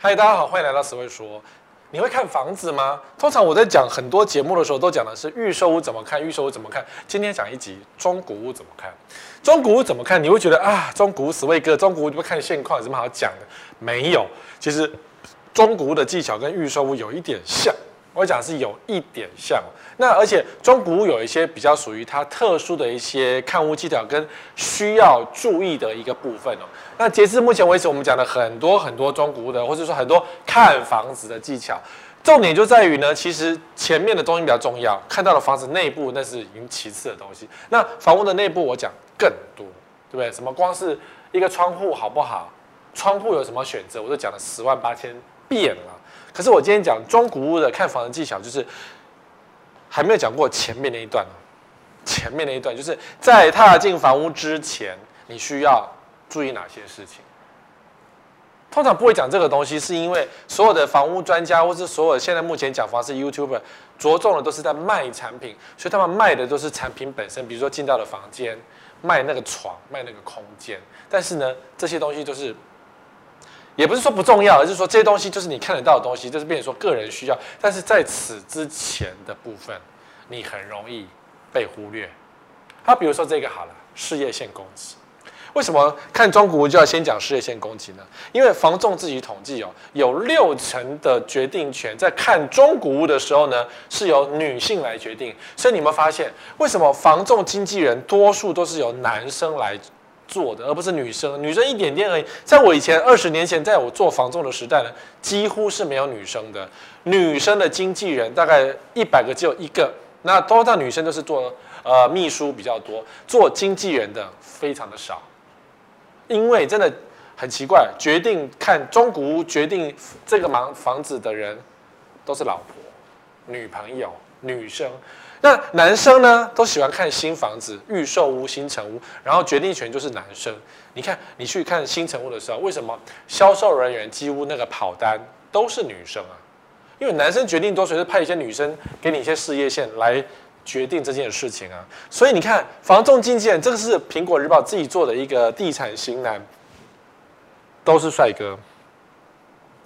嗨，Hi, 大家好，歡迎來到 Sway 說。你會看房子嗎？通常我在講很多節目的時候，都講的是預售屋怎麼看，預售屋怎麼看。今天講一集中古屋怎麼看，中古屋怎麼看？你會覺得啊，中古屋 Sway 哥，中古屋你不看現況有什麼好講的？沒有。其實中古屋的技巧跟預售屋有一點像。我講是有一點像，那而且中古屋有一些比較屬於它特殊的一些看屋技巧跟需要注意的一個部分哦。那截至目前為止，我們講了很多很多中古屋的，或者說很多看房子的技巧，重點就在於呢，其實前面的東西比較重要，看到了房子內部那是已經其次的東西。那房屋的內部，我講更多，對不對？什麼光是一個窗戶好不好？窗戶有什麼選擇？我就講了十萬八千遍了。可是我今天講中古屋的看房的技巧，就是還沒有講過前面那一段。前面那一段就是在踏進房屋之前，你需要注意哪些事情？通常不會講這個東西，是因為所有的房屋專家或是所有現在目前講房子是 YouTuber 着重的都是在賣產品，所以他們賣的都是產品本身，比如說進到的房間賣那個床、賣那個空間。但是呢，這些東西都是。也不是說不重要，而、就是說這些東西就是你看得到的東西，就是變成說個人需要。但是在此之前的部分，你很容易被忽略。好、啊，比如說這個好了，事業線攻擊。為什麼看中古屋就要先講事業線攻擊呢？因為房仲自己統計哦、喔，有六成的決定權在看中古屋的時候呢，是由女性來決定。所以你有沒有發現，為什麼房仲經紀人多數都是由男生來？做的，而不是女生。女生一點點而已。在我以前二十年前，在我做房仲的時代呢，幾乎是沒有女生的。女生的經紀人大概一百個只有一個，那多大女生都是做呃秘書比較多，做經紀人的非常的少。因為真的很奇怪，決定看中古屋，決定這個房房子的人，都是老婆、女朋友、女生。那男生呢，都喜歡看新房子、預售屋、新成屋，然後決定權就是男生。你看，你去看新成屋的時候，為什麼銷售人員幾乎那個跑單都是女生啊？因為男生決定多，隨時派一些女生給你一些事業線來決定這件事情啊。所以你看，房仲經紀人這個是蘋果日報自己做的一個地產型男，都是帥哥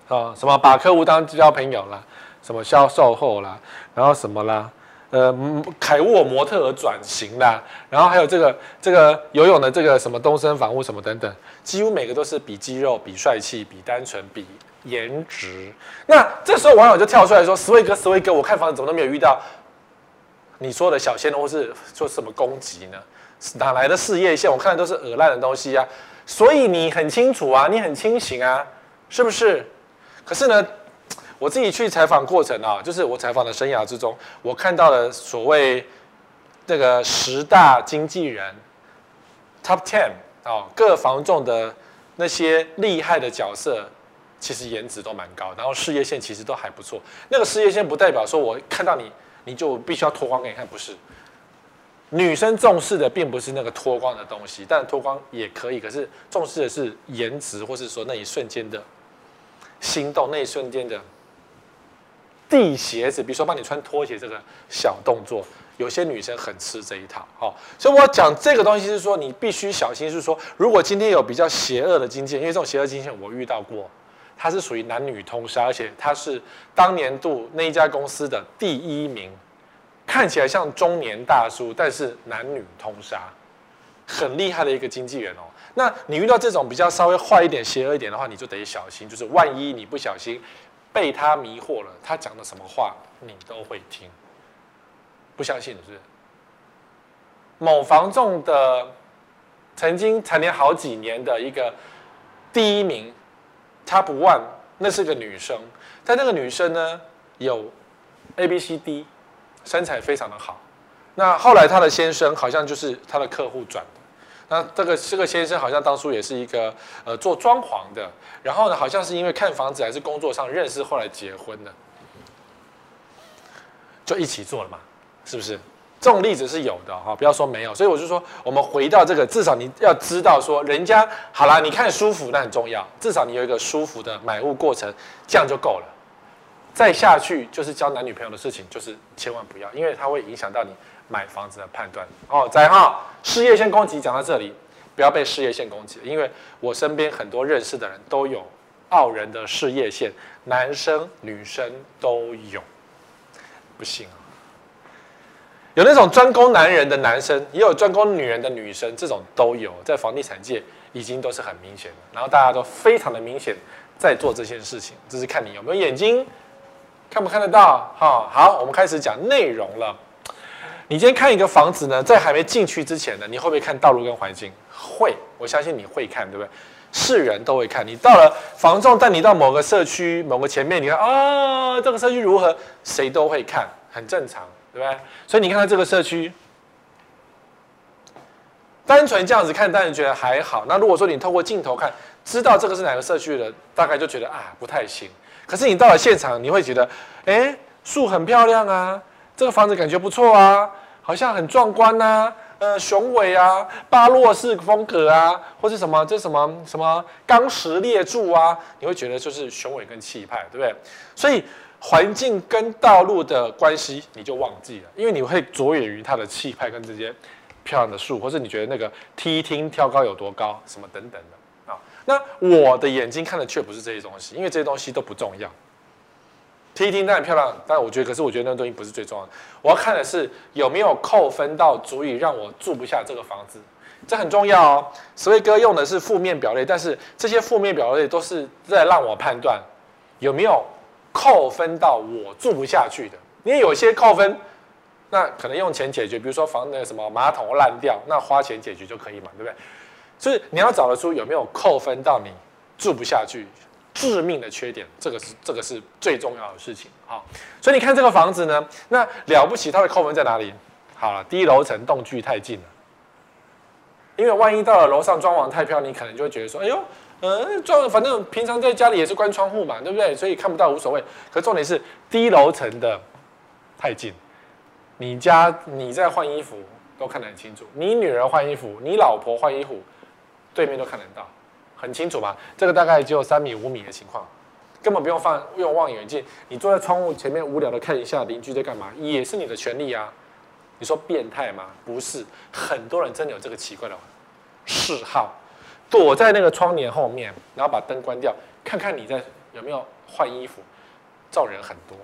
啊。什麼把客戶當交朋友啦，什麼銷售後啦，然後什麼啦。呃，凱沃模特兒轉型的、啊，然後還有這個這個游泳的這個什麼東森房屋什麼等等，幾乎每個都是比肌肉、比帥氣、比單純、比顏值。嗯、那這時候網友就跳出來說：“Sway 哥，Sway 哥，我看房子怎麼都沒有遇到你說的小鮮肉，或是說什麼攻擊呢？哪來的事業線？我看的都是鵝爛的東西啊！所以你很清楚啊，你很清醒啊，是不是？可是呢？”我自己去採訪過程啊，就是我採訪的生涯之中，我看到了所謂那個十大經紀人 top ten 啊，各房仲的那些厲害的角色，其實顏值都蠻高，然後事業線其實都還不錯。那個事業線不代表說我看到你，你就必須要脫光給你看，不是。女生重視的並不是那個脫光的東西，但脫光也可以。可是重視的是顏值，或是說那一瞬間的心動，那一瞬間的。地鞋子，比如說幫你穿拖鞋這個小動作，有些女生很吃這一套、哦、所以我講這個東西是說，你必須小心。是說，如果今天有比較邪惡的經紀人，因為這種邪惡經紀人我遇到過，他是屬於男女通殺，而且他是當年度那一家公司的第一名，看起來像中年大叔，但是男女通殺，很厲害的一個經紀人哦。那你遇到這種比較稍微壞一點、邪惡一點的話，你就得小心，就是萬一你不小心。被他迷惑了，他講的什麼話你都會聽。不相信是不是？某房仲的曾經蟬聯好幾年的一個第一名，Top One，那是個女生。但那個女生呢，有 A B C D，身材非常的好。那後來她的先生好像就是她的客戶轉的。那這個這個先生好像當初也是一個呃做裝潢的，然後呢好像是因為看房子還是工作上認識，後來結婚的，就一起做了嘛，是不是？這種例子是有的哈、哦，不要說沒有。所以我就說，我們回到這個，至少你要知道說，人家好啦，你看舒服那很重要，至少你有一個舒服的買物過程，這樣就夠了。再下去就是交男女朋友的事情，就是千萬不要，因為它會影響到你。買房子的判斷哦，在哈、哦，事業線攻擊講到這裡，不要被事業線攻擊，因為我身邊很多認識的人都有傲人的事業線，男生女生都有，不信啊，有那種專攻男人的男生，也有專攻女人的女生，這種都有，在房地產界已經都是很明顯的，然後大家都非常的明顯在做這些事情，只、就是看你有沒有眼睛，看不看得到，哈、哦，好，我們開始講內容了。你今天看一個房子呢，在還沒進去之前呢，你會不會看道路跟環境？會，我相信你會看，對不對？是人都會看。你到了房仲帶你到某個社區某個前面，你看啊、哦，這個社區如何？誰都會看，很正常，對不對？所以你看到這個社區，單純這樣子看，當然覺得還好。那如果說你透過鏡頭看，知道這個是哪個社區的，大概就覺得啊不太行。可是你到了現場，你會覺得，誒，樹很漂亮啊，這個房子感覺不錯啊。好像很壯觀吶、啊，呃，雄偉啊，巴洛式風格啊，或是什麼，這什麼什麼鋼石列柱啊？你會覺得就是雄偉跟氣派，對不對？所以環境跟道路的關係你就忘記了，因為你會着眼於它的氣派跟這些漂亮的樹，或是你覺得那個梯廳挑高有多高，什麼等等的啊。那我的眼睛看的卻不是這些東西，因為這些東西都不重要。T T 那很漂亮，但我覺得，可是我覺得那東西不是最重要的。我要看的是有沒有扣分到足以讓我住不下這個房子，這很重要哦。所以哥用的是負面表列，但是這些負面表列都是在讓我判斷有沒有扣分到我住不下去的。你有些扣分，那可能用錢解決，比如說房子什麼馬桶爛掉，那花錢解決就可以嘛，對不對？就是你要找得出有沒有扣分到你住不下去。致命的缺點，這個是這個是最重要的事情好、哦，所以你看這個房子呢？那了不起它的扣分在哪裡？好了，低樓層棟距太近了，因為萬一到了樓上裝網太漂，你可能就會覺得說，哎呦，嗯、呃，裝反正平常在家裡也是關窗戶嘛，對不對？所以看不到無所謂。可是重點是低樓層的太近，你家你在換衣服都看得很清楚，你女兒換衣服，你老婆換衣服，對面都看得到。很清楚吧？這個大概只有三米五米的情況，根本不用放用望遠鏡。你坐在窗戶前面無聊的看一下鄰居在幹嘛，也是你的權利啊。你說變態嗎？不是，很多人真的有這個奇怪的嗜好，躲在那個窗簾後面，然後把燈關掉，看看你在有沒有換衣服，造人很多，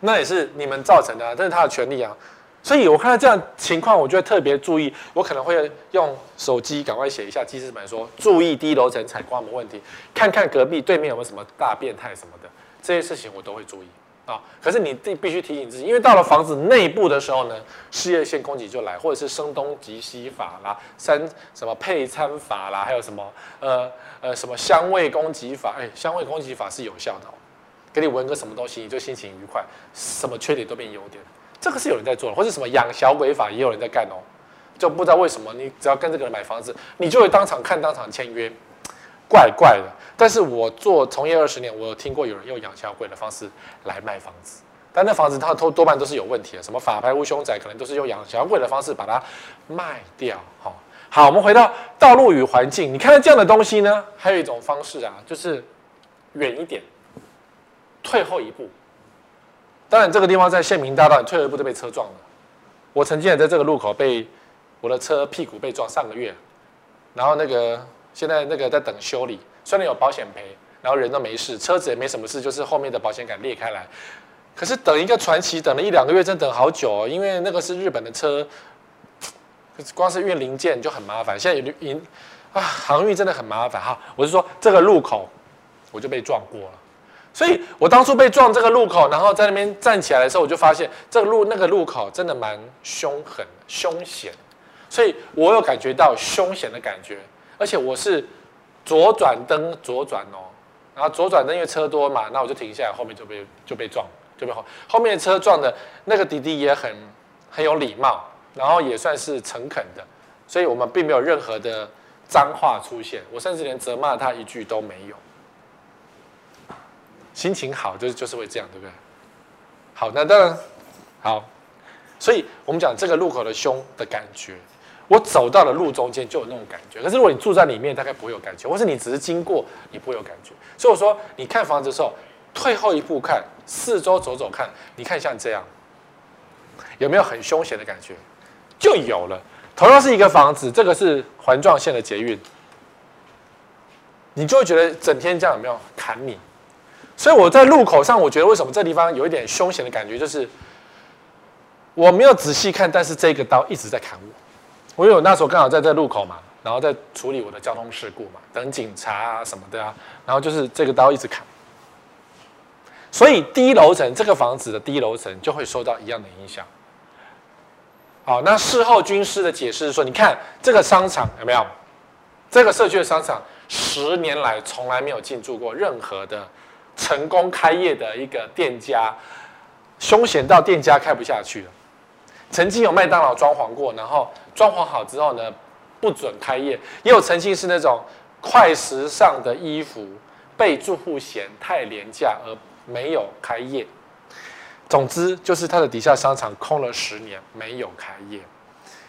那也是你們造成的，這是他的權利啊。所以，我看到這樣情況，我就會特別注意。我可能會用手機趕快寫一下記事本，說注意低樓層採光的問題，看看隔壁對面有沒有什麼大變態什麼的，這些事情我都會注意啊。可是你必必須提醒自己，因為到了房子內部的時候呢，事業線攻擊就來，或者是聲東擊西法啦，三什麼配餐法啦，還有什麼呃呃什麼香味攻擊法？哎、欸，香味攻擊法是有效的哦，給你聞個什麼東西，你就心情愉快，什麼缺點都變優點。這個是有人在做的，或是什麼養小鬼法也有人在幹哦，就不知道為什麼，你只要跟這個人買房子，你就會當場看當場簽約，怪怪的。但是我做從業二十年，我有聽過有人用養小鬼的方式來賣房子，但那房子它多多半都是有問題的，什麼法拍屋、凶宅，可能都是用養小鬼的方式把它賣掉。好、哦，好，我們回到道路與環境，你看到這樣的東西呢？還有一種方式啊，就是遠一點，退後一步。當然，這個地方在縣民大道，你退一步就被車撞了。我曾經也在這個路口被我的車屁股被撞上個月，然後那個現在那個在等修理，雖然有保險賠，然後人都沒事，車子也沒什麼事，就是後面的保險桿裂開來。可是等一個傳奇，等了一兩個月，真等好久哦，因為那個是日本的車，光是運零件就很麻煩。現在有運啊，航運真的很麻煩。哈，我是說這個路口，我就被撞過了。所以我當初被撞這個路口，然後在那邊站起來的時候，我就發現這個路那個路口真的蠻凶狠、凶險，所以我有感覺到凶險的感覺。而且我是左轉燈左轉哦、喔，然後左轉燈因為車多嘛，那我就停下來，後面就被就被撞，就被後後面的車撞的。那個弟弟也很很有禮貌，然後也算是誠懇的，所以我們並沒有任何的髒話出現，我甚至連責罵他一句都沒有。心情好就是就是會這樣，對不對？好，那當然好，所以我們講這個路口的凶的感覺，我走到了路中間就有那種感覺。可是如果你住在裡面，大概不會有感覺，或是你只是經過，你不會有感覺。所以我說，你看房子的時候，退後一步看，四周走走看，你看像這樣，有沒有很凶險的感覺？就有了。同樣是一個房子，這個是環狀線的捷運，你就會覺得整天這樣有沒有砍你？所以我在路口上，我覺得為什麼這地方有一點兇險的感覺，就是我沒有仔細看，但是這個刀一直在砍我。我有那時候剛好在這路口嘛，然後在處理我的交通事故嘛，等警察啊什麼的啊，然後就是這個刀一直砍。所以低樓層這個房子的低樓層就會受到一樣的影響。好，那事後軍師的解釋是說，你看這個商場有沒有？這個社區的商場十年來從來沒有進駐過任何的。成功開業的一個店家，凶險到店家開不下去了。曾經有麥當勞裝潢過，然後裝潢好之後呢，不准開業。也有曾經是那種快時尚的衣服，被住戶嫌太廉價而沒有開業。總之就是他的底下商場空了十年沒有開業。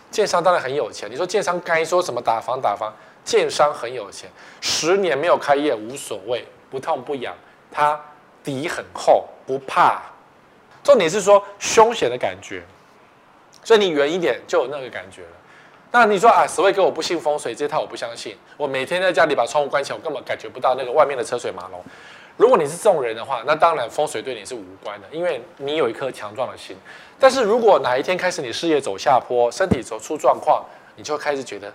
建商當然很有錢，你說建商該說什麼打房打房？建商很有錢，十年沒有開業無所謂，不痛不癢。它底很厚，不怕。重點是說凶險的感覺，所以你遠一點就有那個感覺了。那你說啊，Sway 哥我不信風水，這一套我不相信。我每天在家裡把窗戶關起來，我根本感覺不到那個外面的車水馬龍。如果你是這種人的話，那當然風水對你是無關的，因為你有一顆強壯的心。但是如果哪一天開始你事業走下坡，身體走出狀況，你就開始覺得。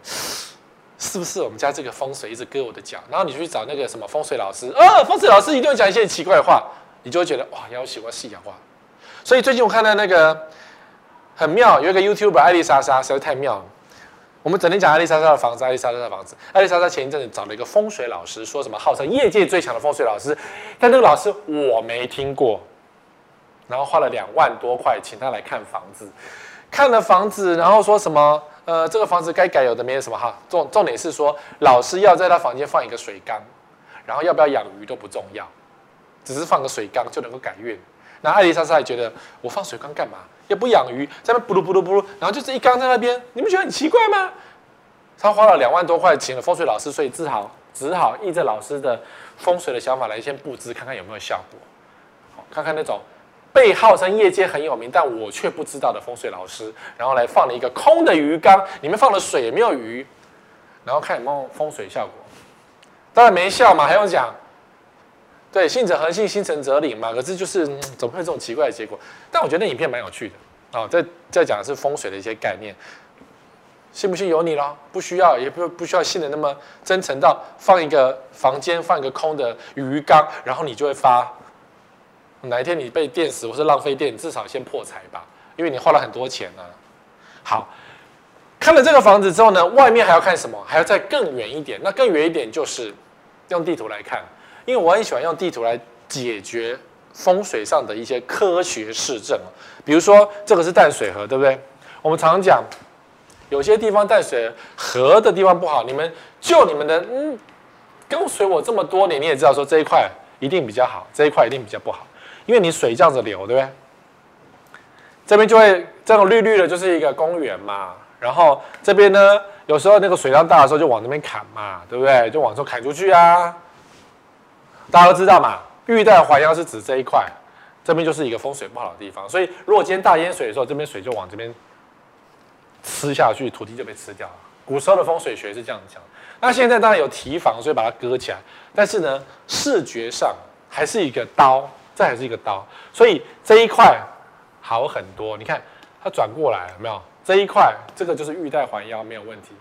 是不是我們家這個風水一直割我的腳？然後你去找那個什麼風水老師啊？風水老師一定會講一些奇怪的話，你就會覺得哇，要我喜歡細講話。所以最近我看到那個很妙，有一個 YouTuber 艾麗莎莎實在太妙了。我們整天講艾麗莎莎的房子，艾麗莎莎的房子，艾麗莎莎，莎莎前一陣子找了一個風水老師，說什麼號稱業界最強的風水老師，但那個老師我沒聽過。然後花了兩萬多塊請他來看房子，看了房子，然後說什麼？呃，這個房子該改有的沒什麼哈。重重點是說，老師要在他房間放一個水缸，然後要不要養魚都不重要，只是放個水缸就能夠改運。那艾麗莎也覺得我放水缸幹嘛？也不養魚，在那咕嚕咕嚕咕嚕，然後就是一缸在那邊，你們覺得很奇怪嗎？他花了兩萬多塊請了風水老師，所以只好只好依着老師的風水的想法來先布置，看看有沒有效果，好，看看那種。被號稱業界很有名，但我卻不知道的風水老師，然後來放了一個空的魚缸，裡面放了水，沒有魚，然後看有沒有風水效果，當然沒效嘛，還用講？對，信者恆信，心誠則靈嘛。可是就是、嗯、總會有這種奇怪的結果。但我覺得那影片蠻有趣的啊、哦，在在講的是風水的一些概念，信不信由你咯，不需要也不不需要信得那麼真誠到放一個房間放一個空的魚缸，然後你就會發。哪一天你被電死或是浪費電，至少先破財吧，因為你花了很多錢呢、啊。好，看了這個房子之後呢，外面還要看什麼？還要再更遠一點。那更遠一點就是用地圖來看，因為我很喜歡用地圖來解決風水上的一些科學事證。比如說，這個是淡水河，對不對？我們常常講，有些地方淡水河的地方不好。你們就你們的，嗯，跟隨我這麼多年，你也知道說這一塊一定比較好，這一塊一定比較不好。因為你水這樣子流，對不對？這邊就會這種綠綠的，就是一個公園嘛。然後這邊呢，有時候那個水量大的時候就往這邊砍嘛，對不對？就往這邊砍出去啊。大家都知道嘛，“玉帶環腰”是指這一塊，這邊就是一個風水不好的地方。所以，如果今天大淹水的時候，這邊水就往這邊吃下去，土地就被吃掉了。古時候的風水學是這樣講的。那現在當然有堤防，所以把它割起來，但是呢，視覺上還是一個刀。這還是一個刀，所以這一塊好很多。你看它轉過來有沒有？這一塊，這個就是玉帶環腰，沒有問題。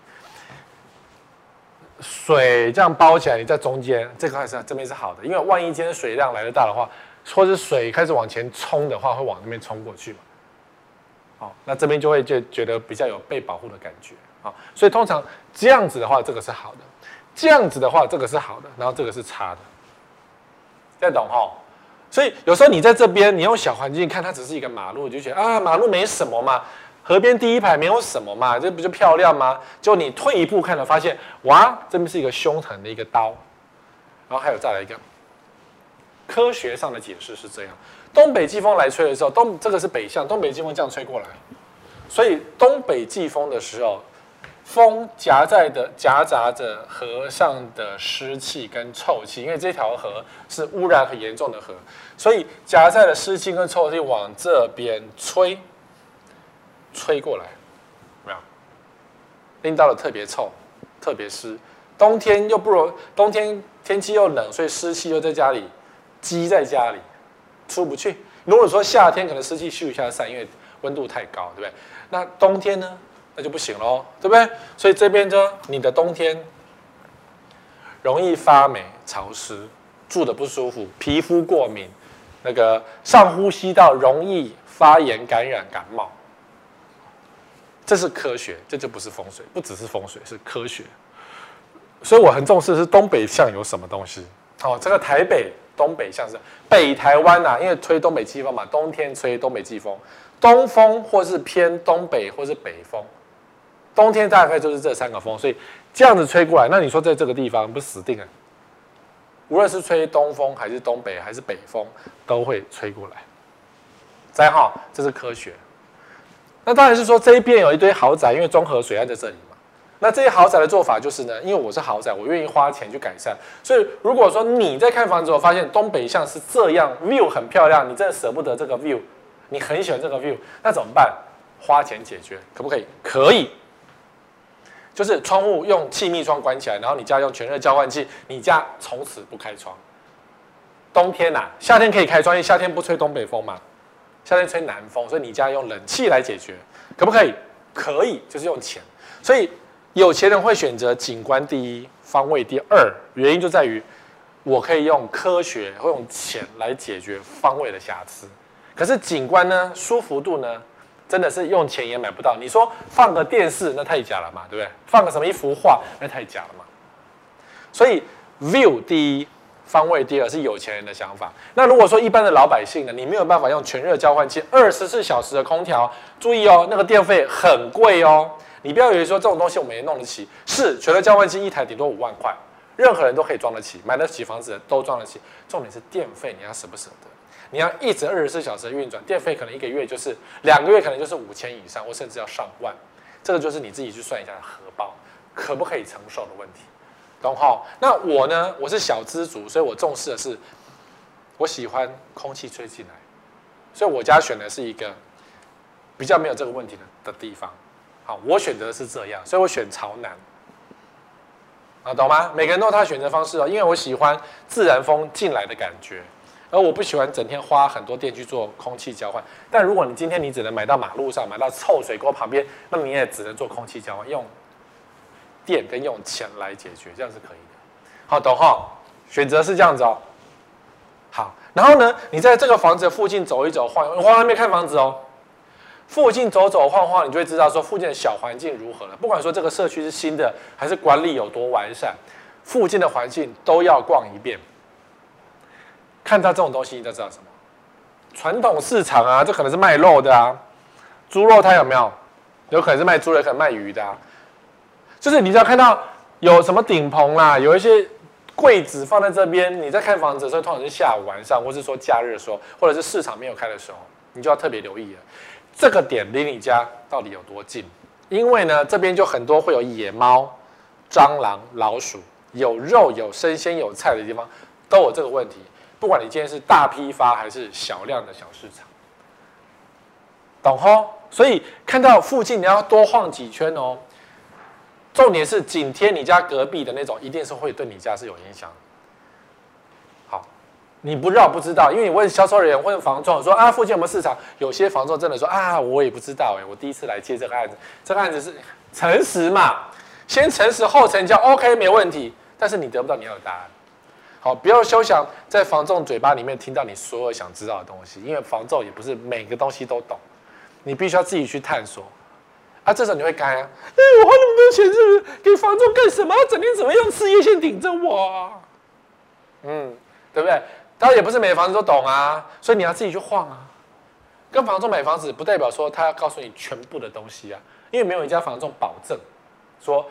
水這樣包起來，你在中間這塊是這邊是好的，因為萬一今天水量來得大的話，或者是水開始往前衝的話，會往那邊衝過去嘛。好、哦，那這邊就會就覺得比較有被保護的感覺。好、哦，所以通常這樣子的話，這個是好的；這樣子的話，這個是好的，然後這個是差的。再懂哦？所以有時候你在這邊，你用小環境看它只是一個馬路，你就覺得啊，馬路沒什麼嘛，河邊第一排沒有什麼嘛，這不就漂亮嗎？就你退一步看了，發現哇，這邊是一個兇殘的一個刀，然後還有再來一個。科學上的解釋是這樣：東北季風來吹的時候，東這個是北向，東北季風這樣吹過來，所以東北季風的時候。風夾在的夾雜着河上的濕氣跟臭氣，因為這條河是汙染很嚴重的河，所以夾在的濕氣跟臭氣往這邊吹，吹過來，沒有？拎到了特別臭，特別濕。冬天又不如冬天天氣又冷，所以濕氣又在家裡積在家裡，出不去。如果說夏天可能濕氣一下散，因為溫度太高，對不對？那冬天呢？那就不行嘍，對不對？所以這邊就你的冬天容易發霉、潮濕，住得不舒服，皮膚過敏，那個上呼吸道容易發炎、感染、感冒。這是科學，這就不是風水，不只是風水，是科學。所以我很重視是東北向有什麼東西。哦，這個台北東北向是北台灣啊，因為吹東北季風嘛，冬天吹東北季風，東風或是偏東北或是北風。冬天大概就是這三個風，所以這樣子吹過來，那你說在這個地方不死定了？無論是吹東風還是東北還是北風，都會吹過來。再好，這是科學。那當然是說這一邊有一堆豪宅，因為中和水岸在這裡嘛。那這些豪宅的做法就是呢，因為我是豪宅，我願意花錢去改善。所以如果說你在看房子，我發現東北向是這樣，view 很漂亮，你真的捨不得這個 view，你很喜歡這個 view，那怎麼辦？花錢解決，可不可以？可以。就是窗戶用氣密窗關起來，然後你家用全熱交換器，你家從此不開窗。冬天吶、啊，夏天可以開窗，因為夏天不吹東北風嘛，夏天吹南風，所以你家用冷氣來解決，可不可以？可以，就是用錢。所以有錢人會選擇景觀第一，方位第二，原因就在於我可以用科學或用錢來解決方位的瑕疵。可是景觀呢，舒服度呢？真的是用錢也買不到。你說放個電視，那太假了嘛，對不對？放個什麼一幅畫，那太假了嘛。所以 view 第一，方位第二，是有錢人的想法。那如果說一般的老百姓呢，你沒有辦法用全熱交換器，二十四小時的空調。注意哦，那個電費很貴哦。你不要以為說這種東西我們也弄得起。是全熱交換器一台頂多五萬塊，任何人都可以裝得起，買得起房子的都裝得起。重點是電費，你要捨不舍得。你要一直二十四小時運轉，電費可能一個月就是兩個月，可能就是五千以上，或甚至要上萬。這個就是你自己去算一下的荷包可不可以承受的問題，懂哈？那我呢，我是小資族，所以我重視的是，我喜歡空氣吹進來，所以我家選的是一個比較沒有這個問題的的地方。好，我選擇的是這樣，所以我選朝南，啊，懂嗎？每個人都有他選擇方式哦，因為我喜歡自然風進來的感覺。而我不喜歡整天花很多電去做空氣交換，但如果你今天你只能買到馬路上買到臭水溝旁邊，那你也只能做空氣交換，用電跟用錢來解決，這樣是可以的。好，等好，選擇是這樣子哦。好，然後呢，你在這個房子附近走一走晃，晃晃那邊看房子哦。附近走走晃晃，你就會知道說附近的小環境如何了。不管說這個社區是新的還是管理有多完善，附近的環境都要逛一遍。看到這種東西，你都知道什麼？傳統市場啊，這可能是賣肉的啊，豬肉它有沒有？有可能是賣豬的，有可能賣魚的啊。就是你只要看到有什麼頂棚啊，有一些櫃子放在這邊。你在看房子的時候，通常是下午、晚上，或是說假日的時候，或者是市場沒有開的時候，你就要特別留意了。這個點離你家到底有多近？因為呢，這邊就很多會有野貓、蟑螂、老鼠，有肉、有生鮮、有菜的地方，都有這個問題。不管你今天是大批發還是小量的小市場，懂吼？所以看到附近你要多晃幾圈哦。重點是緊貼你家隔壁的那種，一定是會對你家是有影響。好，你不繞不知道，因為你問銷售人員、問房仲說啊，附近有沒有市場？有些房仲真的說啊，我也不知道哎、欸，我第一次來接這個案子，這個案子是誠實嘛，先誠實後成交，OK，沒問題。但是你得不到你要的答案。好，不要休想在房仲嘴巴裡面聽到你所有想知道的東西，因為房仲也不是每個東西都懂，你必須要自己去探索。啊，這時候你會幹啊？哎，我花那麼多錢是不是給房仲幹什麼？要整天怎麼樣？事業線頂着我啊？嗯，對不對？當然也不是每個房子都懂啊，所以你要自己去晃啊。跟房仲買房子，不代表說他要告訴你全部的東西啊，因為沒有一家房仲保證說。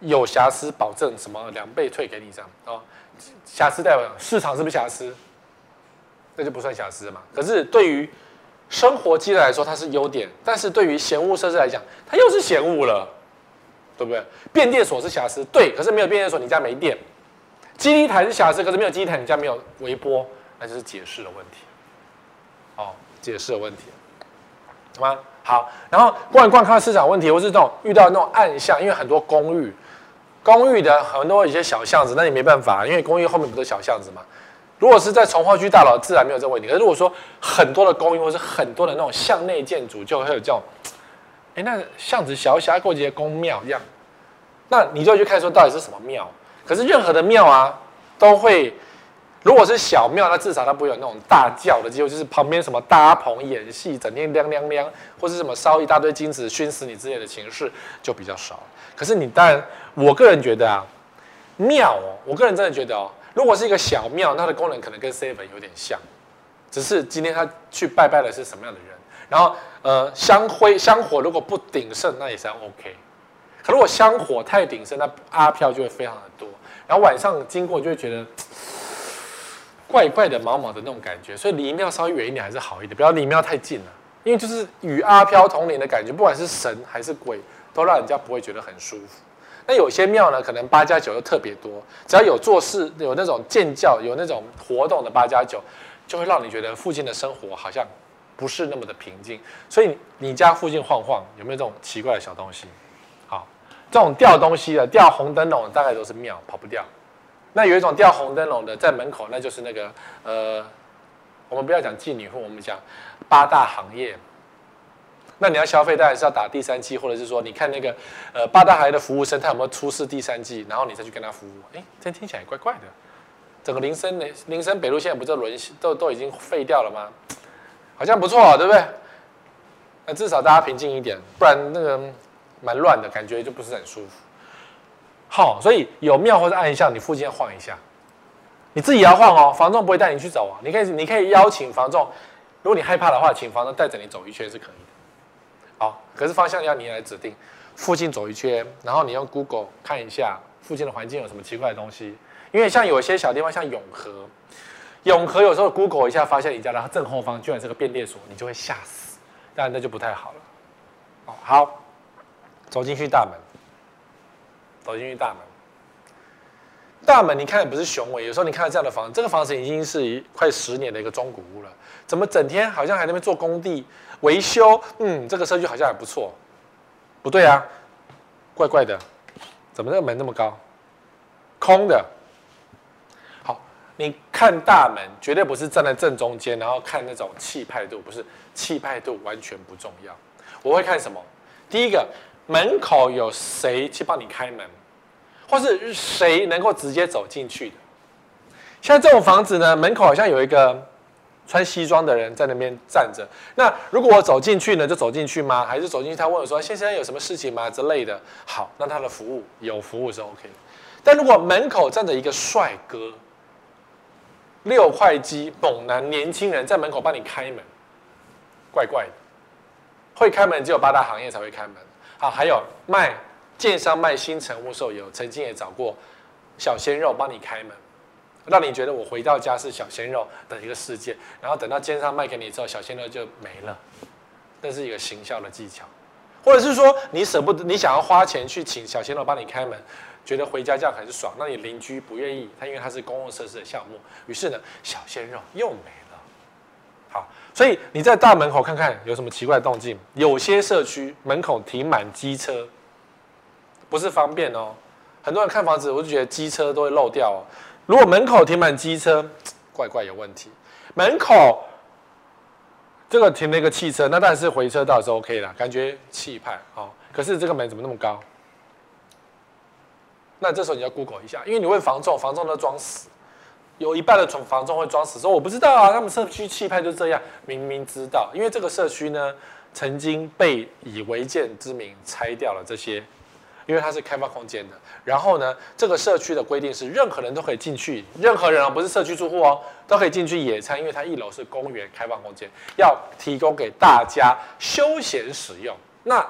有瑕疵，保證什麼兩倍退給你這樣哦。瑕疵代表市場是不是瑕疵？那就不算瑕疵嘛。可是對於生活機能來說，它是優點；但是對於嫌惡設施來講，它又是嫌惡了，對不對？變電所是瑕疵，對，可是沒有變電所，你家沒電；基地台是瑕疵，可是沒有基地台，你家沒有微波，那就是解釋的問題。哦，解釋的問題，好嗎？好，然後逛一逛看市場問題，或是這種遇到的那種暗巷，因為很多公寓。公寓的很多一些小巷子，那你沒辦法，因為公寓後面不是小巷子嘛。如果是在重劃區大樓，自然沒有這個問題。可是如果說很多的公寓，或是很多的那種巷內建築，就會有叫哎、欸，那巷子小，小，小過一些宮廟一樣，那你就要去看說到底是什麼廟。可是任何的廟啊，都會，如果是小廟，那至少它不會有那種大叫的機會，就是旁邊什麼搭棚演戲，整天亮亮亮，或是什麼燒一大堆金子熏死你之類的形式，就比較少。可是你但。我個人覺得啊，廟哦，我個人真的覺得哦，如果是一個小廟，那它的功能可能跟 seven 有點像，只是今天他去拜拜的是什麼樣的人，然後呃香灰香火如果不鼎盛，那也算 OK。可如果香火太鼎盛，那阿飄就會非常的多，然後晚上經過就會覺得、呃、怪怪的、毛毛的那種感覺，所以離廟稍微遠一點還是好一點，不要離廟太近了，因為就是與阿飄同齡的感覺，不管是神還是鬼，都讓人家不會覺得很舒服。那有些廟呢，可能八加九又特別多，只要有做事、有那種建醮、有那種活動的八加九，9, 就會讓你覺得附近的生活好像不是那麼的平靜。所以你家附近晃晃，有沒有這種奇怪的小東西？好，這種吊東西的、吊紅燈籠，大概都是廟，跑不掉。那有一種吊紅燈籠的，在門口，那就是那個呃，我們不要講妓女戶，我們講八大行業。那你要消費當然是要打第三季，或者是說你看那個，呃，八大海的服務生他有沒有出示第三季，然後你再去跟他服務。哎、欸，這聽起來也怪怪的。整個林森的林森北路現在不就輪，都都已經廢掉了嗎？好像不錯、喔，對不對？那、呃、至少大家平靜一點，不然那個蠻亂的感覺就不是很舒服。好，所以有廟或者暗巷你附近要晃一下，你自己要晃哦、喔，房仲不會帶你去走啊、喔。你可以你可以邀請房仲，如果你害怕的話，請房仲帶着你走一圈是可以的。好，可是方向要你來指定。附近走一圈，然後你用 Google 看一下附近的環境有什麼奇怪的東西。因為像有些小地方，像永和，永和有時候 Google 一下發現你家，然後正後方居然是個變電所，你就會嚇死。但那就不太好了。哦，好，走進去大門，走進去大門，大門你看也不是雄偉。有時候你看這樣的房子，這個房子已經是一快十年的一個中古屋了。怎麼整天好像還在那邊做工地維修？嗯，這個設計好像還不錯，不對啊，怪怪的，怎麼這個門那麼高，空的？好，你看大門，絕對不是站在正中間，然後看那種氣派度，不是氣派度完全不重要。我會看什麼？第一個，門口有誰去幫你開門，或是誰能夠直接走進去的？像這種房子呢，門口好像有一個。穿西裝的人在那邊站着，那如果我走進去呢？就走進去嗎？還是走進去他問我說：“先生，有什麼事情嗎？”之類的。好，那他的服務有服務是 OK 的。但如果門口站着一個帥哥，六塊肌、猛男、年輕人在門口幫你開門，怪怪的。會開門只有八大行業才會開門。好，還有賣，建商賣新成屋售有曾經也找過小鮮肉幫你開門。讓你覺得我回到家是小鮮肉的一個世界，然後等到奸商賣給你之後，小鮮肉就沒了。這是一個行銷的技巧，或者是說你捨不得，你想要花錢去請小鮮肉幫你開門，覺得回家這樣很爽。那你鄰居不願意，他因為他是公共設施的項目，於是呢，小鮮肉又沒了。好，所以你在大門口看看有什麼奇怪的動靜？有些社區門口停滿機車，不是方便哦。很多人看房子，我就覺得機車都會漏掉哦。如果門口停滿機車，怪怪有問題。門口這個停了一個汽車，那當然是回車道，是 OK 了，感覺氣派啊、哦。可是這個門怎麼那麼高？那這時候你要 Google 一下，因為你問房仲，房仲都裝死。有一半的房仲會裝死說：“我不知道啊，他們社區氣派就這樣。”明明知道，因為這個社區呢，曾經被以違建之名拆掉了這些。因為它是開放空間的，然後呢，這個社區的規定是任何人都可以進去，任何人啊，不是社區住戶哦，都可以進去野餐，因為它一樓是公園開放空間，要提供給大家休閒使用。那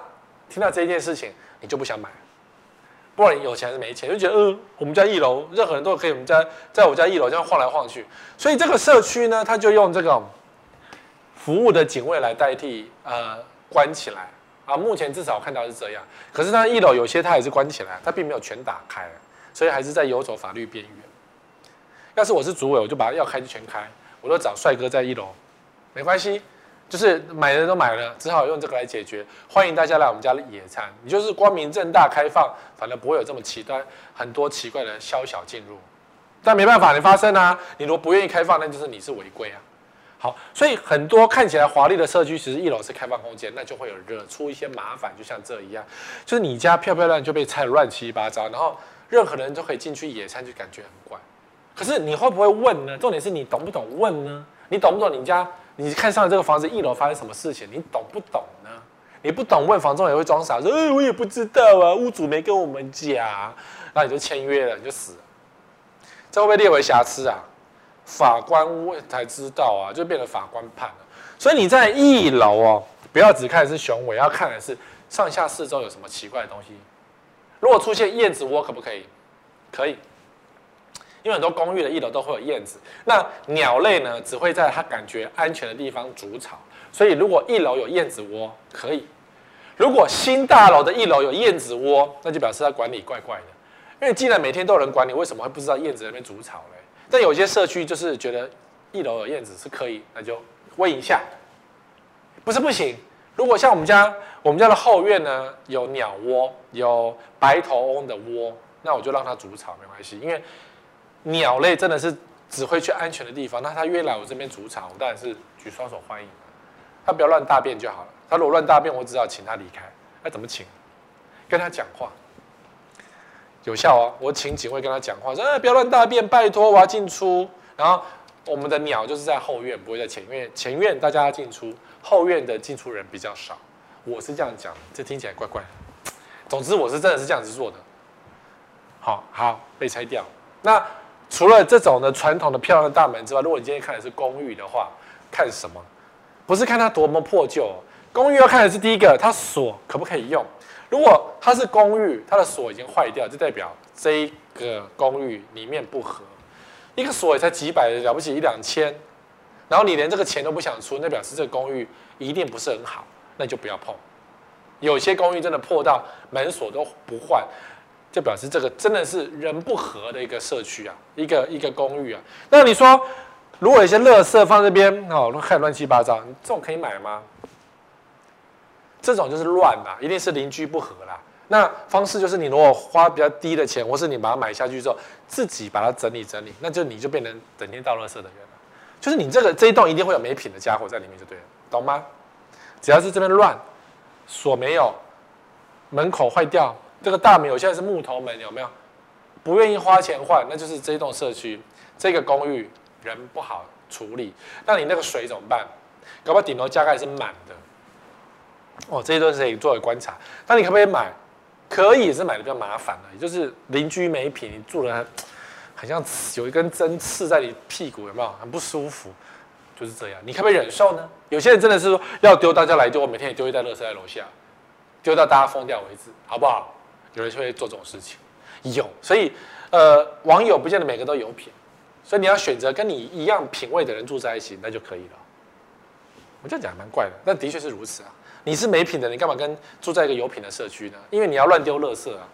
聽到這件事情，你就不想買，不管你有錢還是沒錢，就覺得嗯、呃，我們家一樓任何人都可以在，我們家在我家一樓這樣晃來晃去。所以這個社區呢，它就用這個服務的警衛來代替，呃，關起來。啊，目前至少看到是這樣。可是它一樓有些它也是關起來，它並沒有全打開，所以還是在游走法律邊緣。要是我是主委，我就把它要開就全開，我都找帥哥在一樓，沒關係，就是買的人都買了，只好用這個來解決。歡迎大家來我們家的野餐，你就是光明正大開放，反正不會有這麼極端，很多奇怪的宵小進入。但沒辦法，你發生啊，你如果不願意開放，那就是你是違規啊。好，所以很多看起來華麗的社區，其實一樓是開放空間，那就會有惹出一些麻煩。就像這一樣，就是你家漂漂亮就被拆得亂七八糟，然後任何人都可以進去野餐，就感覺很怪。可是你會不會問呢？重點是你懂不懂問呢？你懂不懂你家？你看上了這個房子一樓發生什麼事情？你懂不懂呢？你不懂問房仲也會裝傻說，呃、欸，我也不知道啊，屋主沒跟我們講，那你就簽約了，你就死了。這會不會列為瑕疵啊？法官問才知道啊，就變成法官判了。所以你在一樓哦，不要只看是雄偉，要看的是上下四周有什麼奇怪的東西。如果出現燕子窩，可不可以？可以，因為很多公寓的一樓都會有燕子。那鳥類呢，只會在它感覺安全的地方築巢。所以如果一樓有燕子窩，可以。如果新大樓的一樓有燕子窩，那就表示它管理怪怪的。因為既然每天都有人管理，為什麼會不知道燕子在那邊築巢呢？但有些社區就是覺得一樓有燕子是可以，那就問一下，不是不行。如果像我們家，我們家的後院呢，有鳥窩，有白頭翁的窩，那我就讓它築巢沒關係，因為鳥類真的是只會去安全的地方。那它約來我這邊築巢，我當然是舉雙手歡迎。它不要亂大便就好了。它如果亂大便，我只要請它離開。那、啊、怎麼請？跟它講話。有效啊、哦！我請警衛跟他講話說，說、欸：“不要亂大便，拜託，我要進出。”然後我們的鳥就是在後院，不會在前院。前院大家要進出，後院的進出人比較少。我是這樣講，這聽起來怪怪的。總之，我是真的是這樣子做的。好，好，被拆掉。那除了這種的傳統的漂亮的大門之外，如果你今天看的是公寓的話，看什麼？不是看它多麼破舊。公寓要看的是第一個，它鎖可不可以用？如果它是公寓，它的鎖已經壞掉，就代表這個公寓裡面不合，一個鎖也才幾百了，了不起一兩千，然後你連這個錢都不想出，那表示這個公寓一定不是很好，那就不要碰。有些公寓真的破到門鎖都不換，就表示這個真的是人不和的一個社區啊，一個一個公寓啊。那你說，如果一些垃圾放這邊，哦，看亂七八糟，這種可以買嗎？這種就是亂啦，一定是鄰居不合啦。那方式就是，你如果花比較低的錢，或是你把它買下去之後，自己把它整理整理，那就你就變成整天倒垃圾的人了。就是你這個這一棟一定會有沒品的家伙在裡面，就對了，懂嗎？只要是這邊亂，鎖沒有，門口壞掉，這個大門有現在是木頭門，有沒有？不願意花錢換，那就是這一棟社區這個公寓人不好處理。那你那個水怎麼辦？搞不好頂樓加蓋是滿的。哦，這一段時間作為觀察，那你可不可以買？可以，也是買的比較麻煩的、啊、也就是鄰居沒品，你住的很，很像有一根針刺在你屁股，有沒有很不舒服？就是這樣，你可不可以忍受呢？對有些人真的是說要丟大家來丟，我每天也丟一袋垃圾在樓下，丟到大家瘋掉為止，好不好？有人會做這種事情，有，所以呃，網友不見得每個都有品，所以你要選擇跟你一樣品味的人住在一起，那就可以了。我這樣講還蠻怪的，但的確是如此啊。你是沒品的，你幹嘛跟住在一個有品的社區呢？因為你要亂丟垃圾啊！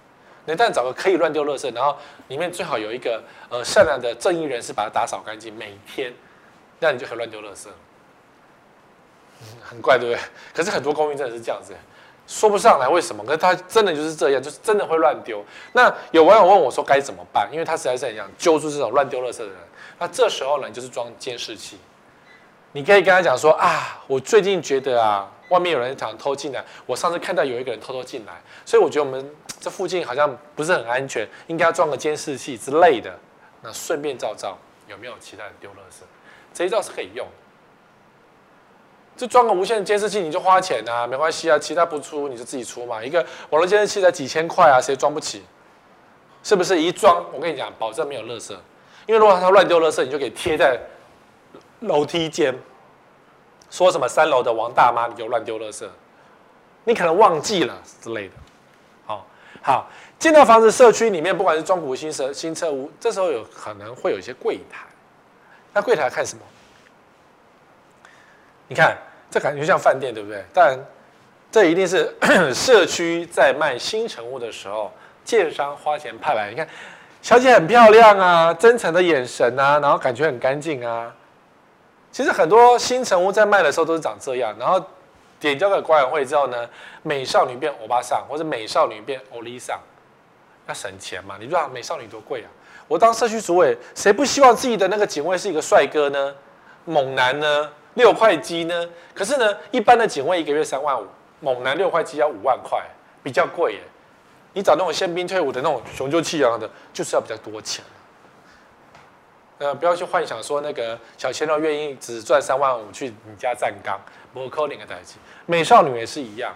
你但找個可以亂丟垃圾，然後裡面最好有一個呃善良的正義人士把它打掃乾淨，每一天，那你就可以亂丟垃圾了，很怪對不對？可是很多公寓真的是這樣子，欸，說不上來為什麼，可是他真的就是這樣，就是真的會亂丟。那有網友問我說該怎麼辦？因為他實在是很想揪住這種亂丟垃圾的人。那這時候呢，你就是裝監視器，你可以跟他講說啊，我最近覺得啊。外面有人想偷進來，我上次看到有一個人偷偷進來，所以我覺得我們這附近好像不是很安全，應該要裝個監視器之類的。那順便照照，有沒有其他人丟垃圾？這一招是可以用。就裝個無線監視器你就花錢啊，沒關係啊，其他不出你就自己出嘛。一個網絡監視器才幾千塊啊，誰裝不起？是不是一裝我跟你講，保證沒有垃圾。因為如果他亂丟垃圾，你就可以貼在樓梯間。說，什麼三樓的王大媽，你就亂丟垃圾，你可能忘記了之類的好。好好進到房子社區裡面，不管是中古新車新車屋，這時候有可能會有一些櫃台。那櫃台看什麼？你看，這感覺像飯店，對不對？當然，這一定是社區在賣新成屋的時候，建商花錢派來。你看，小姐很漂亮啊，真誠的眼神啊，然後感覺很乾淨啊。其實很多新成屋在賣的時候都是長這樣，然後點交給管委會之後呢，美少女變歐巴桑，或者美少女變歐麗桑，那省錢嘛？你知道美少女多貴啊？我當社區主委，誰不希望自己的那個警衛是一個帥哥呢？猛男呢？六塊肌呢？可是呢，一般的警衛一個月三萬五，猛男六塊肌要五萬塊，比較貴耶。你找那種憲兵退伍的那種雄赳氣昂的，就是要比較多錢。呃，不要去幻想說那個小鮮肉願意只賺三萬五去你家站崗，不扣那個台子。美少女也是一樣，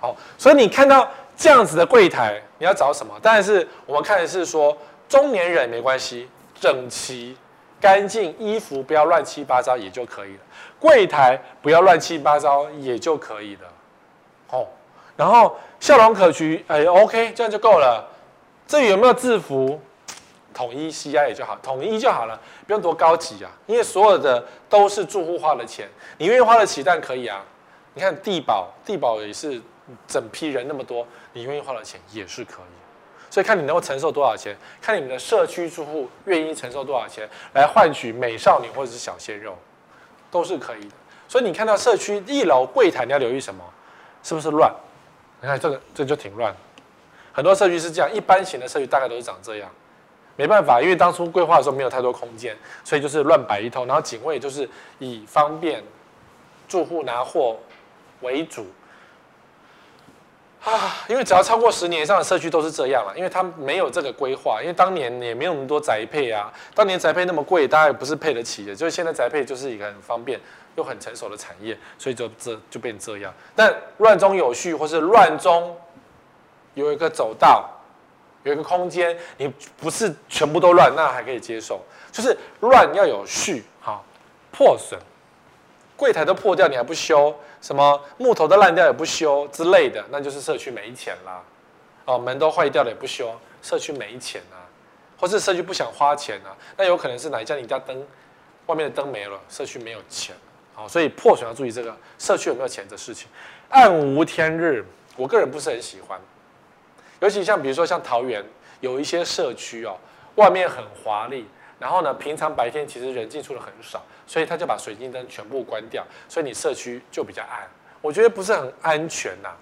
好、哦，所以你看到這樣子的櫃台，你要找什麼？但是我們看的是說中年人沒關係，整齊、乾淨，衣服不要亂七八糟也就可以了。櫃台不要亂七八糟也就可以了，哦，然後笑容可掬，哎，OK，這樣就夠了。這裡有沒有制服？統一 CI 也就好，統一就好了，不用多高級啊。因為所有的都是住戶花的錢，你願意花得起，但可以啊。你看地保，地保也是整批人那麼多，你願意花的錢也是可以。所以看你能夠承受多少錢，看你們的社區住戶願意承受多少錢來換取美少女，或者是小鮮肉，都是可以的。所以你看到社區一樓櫃台，你要留意什麼？是不是亂？你看這個，這個，就挺亂。很多社區是這樣，一般型的社區大概都是長這樣。沒辦法，因為當初規劃的時候沒有太多空間，所以就是亂擺一通。然後警衛就是以方便住戶拿貨為主啊，因為只要超過十年以上的社區都是這樣了，因為他沒有這個規劃。因為當年也沒有那麼多宅配啊，當年宅配那麼貴，大家也不是配得起的。就是現在宅配就是一個很方便又很成熟的產業，所以就這就變成這樣。但亂中有序，或是亂中有一個走道，有一個空間，你不是全部都亂，那還可以接受。就是亂要有序，哈，破損，櫃檯都破掉你還不修，什麼木頭都爛掉也不修之類的，那就是社區沒錢啦。哦、呃，門都壞掉了也不修，社區沒錢啊，或是社區不想花錢啊，那有可能是哪一家你家燈外面的燈沒了，社區沒有錢。好，所以破損要注意這個社區有沒有錢的事情。暗無天日，我個人不是很喜歡。尤其像比如說像桃園有一些社區哦，外面很華麗，然後呢，平常白天其實人進出的很少，所以他就把水晶燈全部關掉，所以你社區就比較暗。我覺得不是很安全吶、啊。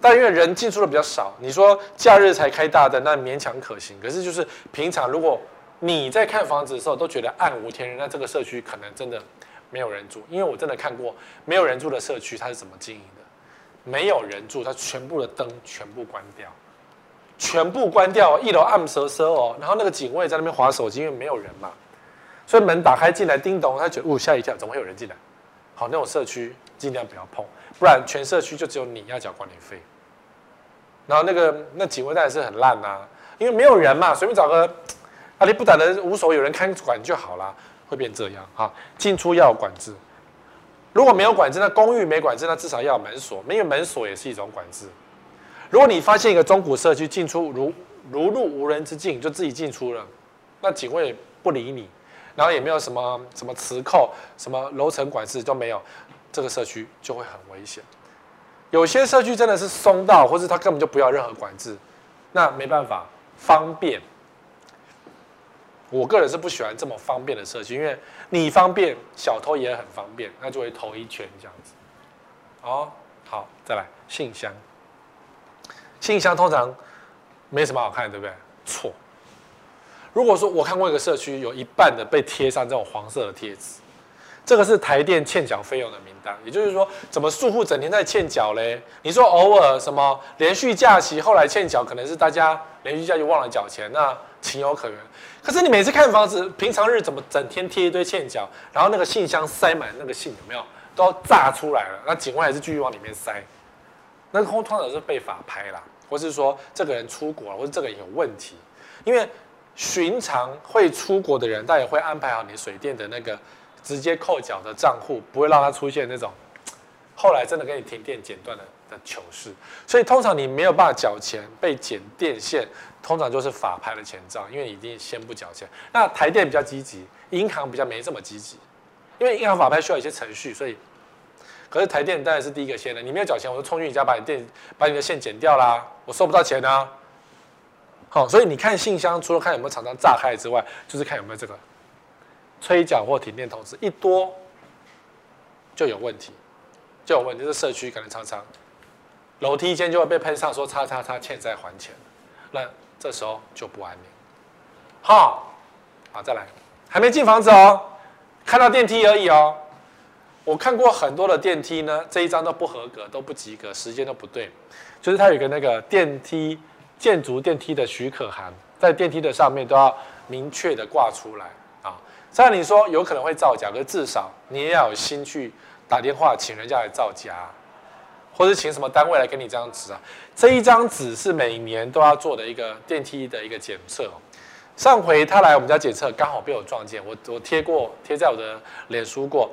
但因為人進出的比較少，你說假日才開大的，那勉強可行。可是就是平常如果你在看房子的時候都覺得暗無天日，那這個社區可能真的沒有人住。因為我真的看過沒有人住的社區，它是怎麼經營的？沒有人住，它全部的燈全部關掉。全部關掉，一樓暗蛇蛇哦，然後那個警衛在那邊滑手機，因為沒有人嘛，所以門打開進來，叮咚，他覺得哦嚇一跳，怎麼會有人進來？好，那種社區儘量不要碰，不然全社區就只有你要繳管理費。然後那個那警衛那也是很爛吶、啊，因為沒有人嘛，隨便找個阿里、啊、不達的無所謂，有人看管就好啦。會變這樣啊。進出要有管制，如果沒有管制，那公寓沒管制，那至少要有門鎖，沒有門鎖也是一種管制。如果你發現一個中古社區進出如如入無人之境，就自己進出了，那警衛不理你，然後也沒有什麼什麼磁扣、什麼樓層管制都沒有，這個社區就會很危險。有些社區真的是鬆到，或者他根本就不要任何管制，那沒辦法，方便。我個人是不喜歡這麼方便的社區，因為你方便，小偷也很方便，那就會偷一圈這樣子。哦，好，再來信箱。信箱通常沒什麼好看，對不對？錯。如果說我看過一個社區，有一半的被貼上這種黃色的貼紙，這個是台電欠繳費用的名單。也就是說，怎麼住戶整天在欠繳嘞？你說偶爾什麼連續假期後來欠繳，可能是大家連續假期忘了繳錢，那情有可原。可是你每次看房子，平常日怎麼整天貼一堆欠繳，然後那個信箱塞滿那個信有沒有，都要炸出來了？那警官還是繼續往裡面塞。那個通常是被法拍啦，或是說這個人出國，或是這個人有問題，因為尋常會出國的人，他也會安排好你水電的那個直接扣繳的賬戶，不會讓他出現那種後來真的給你停電剪斷的的糗事。所以通常你沒有辦法繳錢，被剪電線，通常就是法拍的前兆，因為你一定先不繳錢。那台電比較積極，銀行比較沒這麼積極，因為銀行法拍需要一些程序，所以。可是台電當然是第一個先的，你沒有繳錢，我就衝進你家把你電、把你的線剪掉啦，我收不到錢啊。好、哦，所以你看信箱，除了看有沒有廠商炸開之外，就是看有沒有這個催繳或停電通知，一多就有問題，就有問題。這社區可能常常樓梯間就會被噴上說“叉叉叉欠債還錢”，那這時候就不安寧。好、哦、好，再來，還沒進房子哦，看到電梯而已哦。我看過很多的電梯呢，這一張都不合格，都不及格，時間都不對，就是它有個那個電梯建築電梯的許可函，在電梯的上面都要明確的掛出來啊。像你說有可能會造假，可是至少你也要有心去打電話請人家來造假，或者請什麼單位來給你這張紙啊。這一張紙是每年都要做的一個電梯的一個檢測哦。上回他來我們家檢測，剛好被我撞見，我我貼過貼在我的臉書過。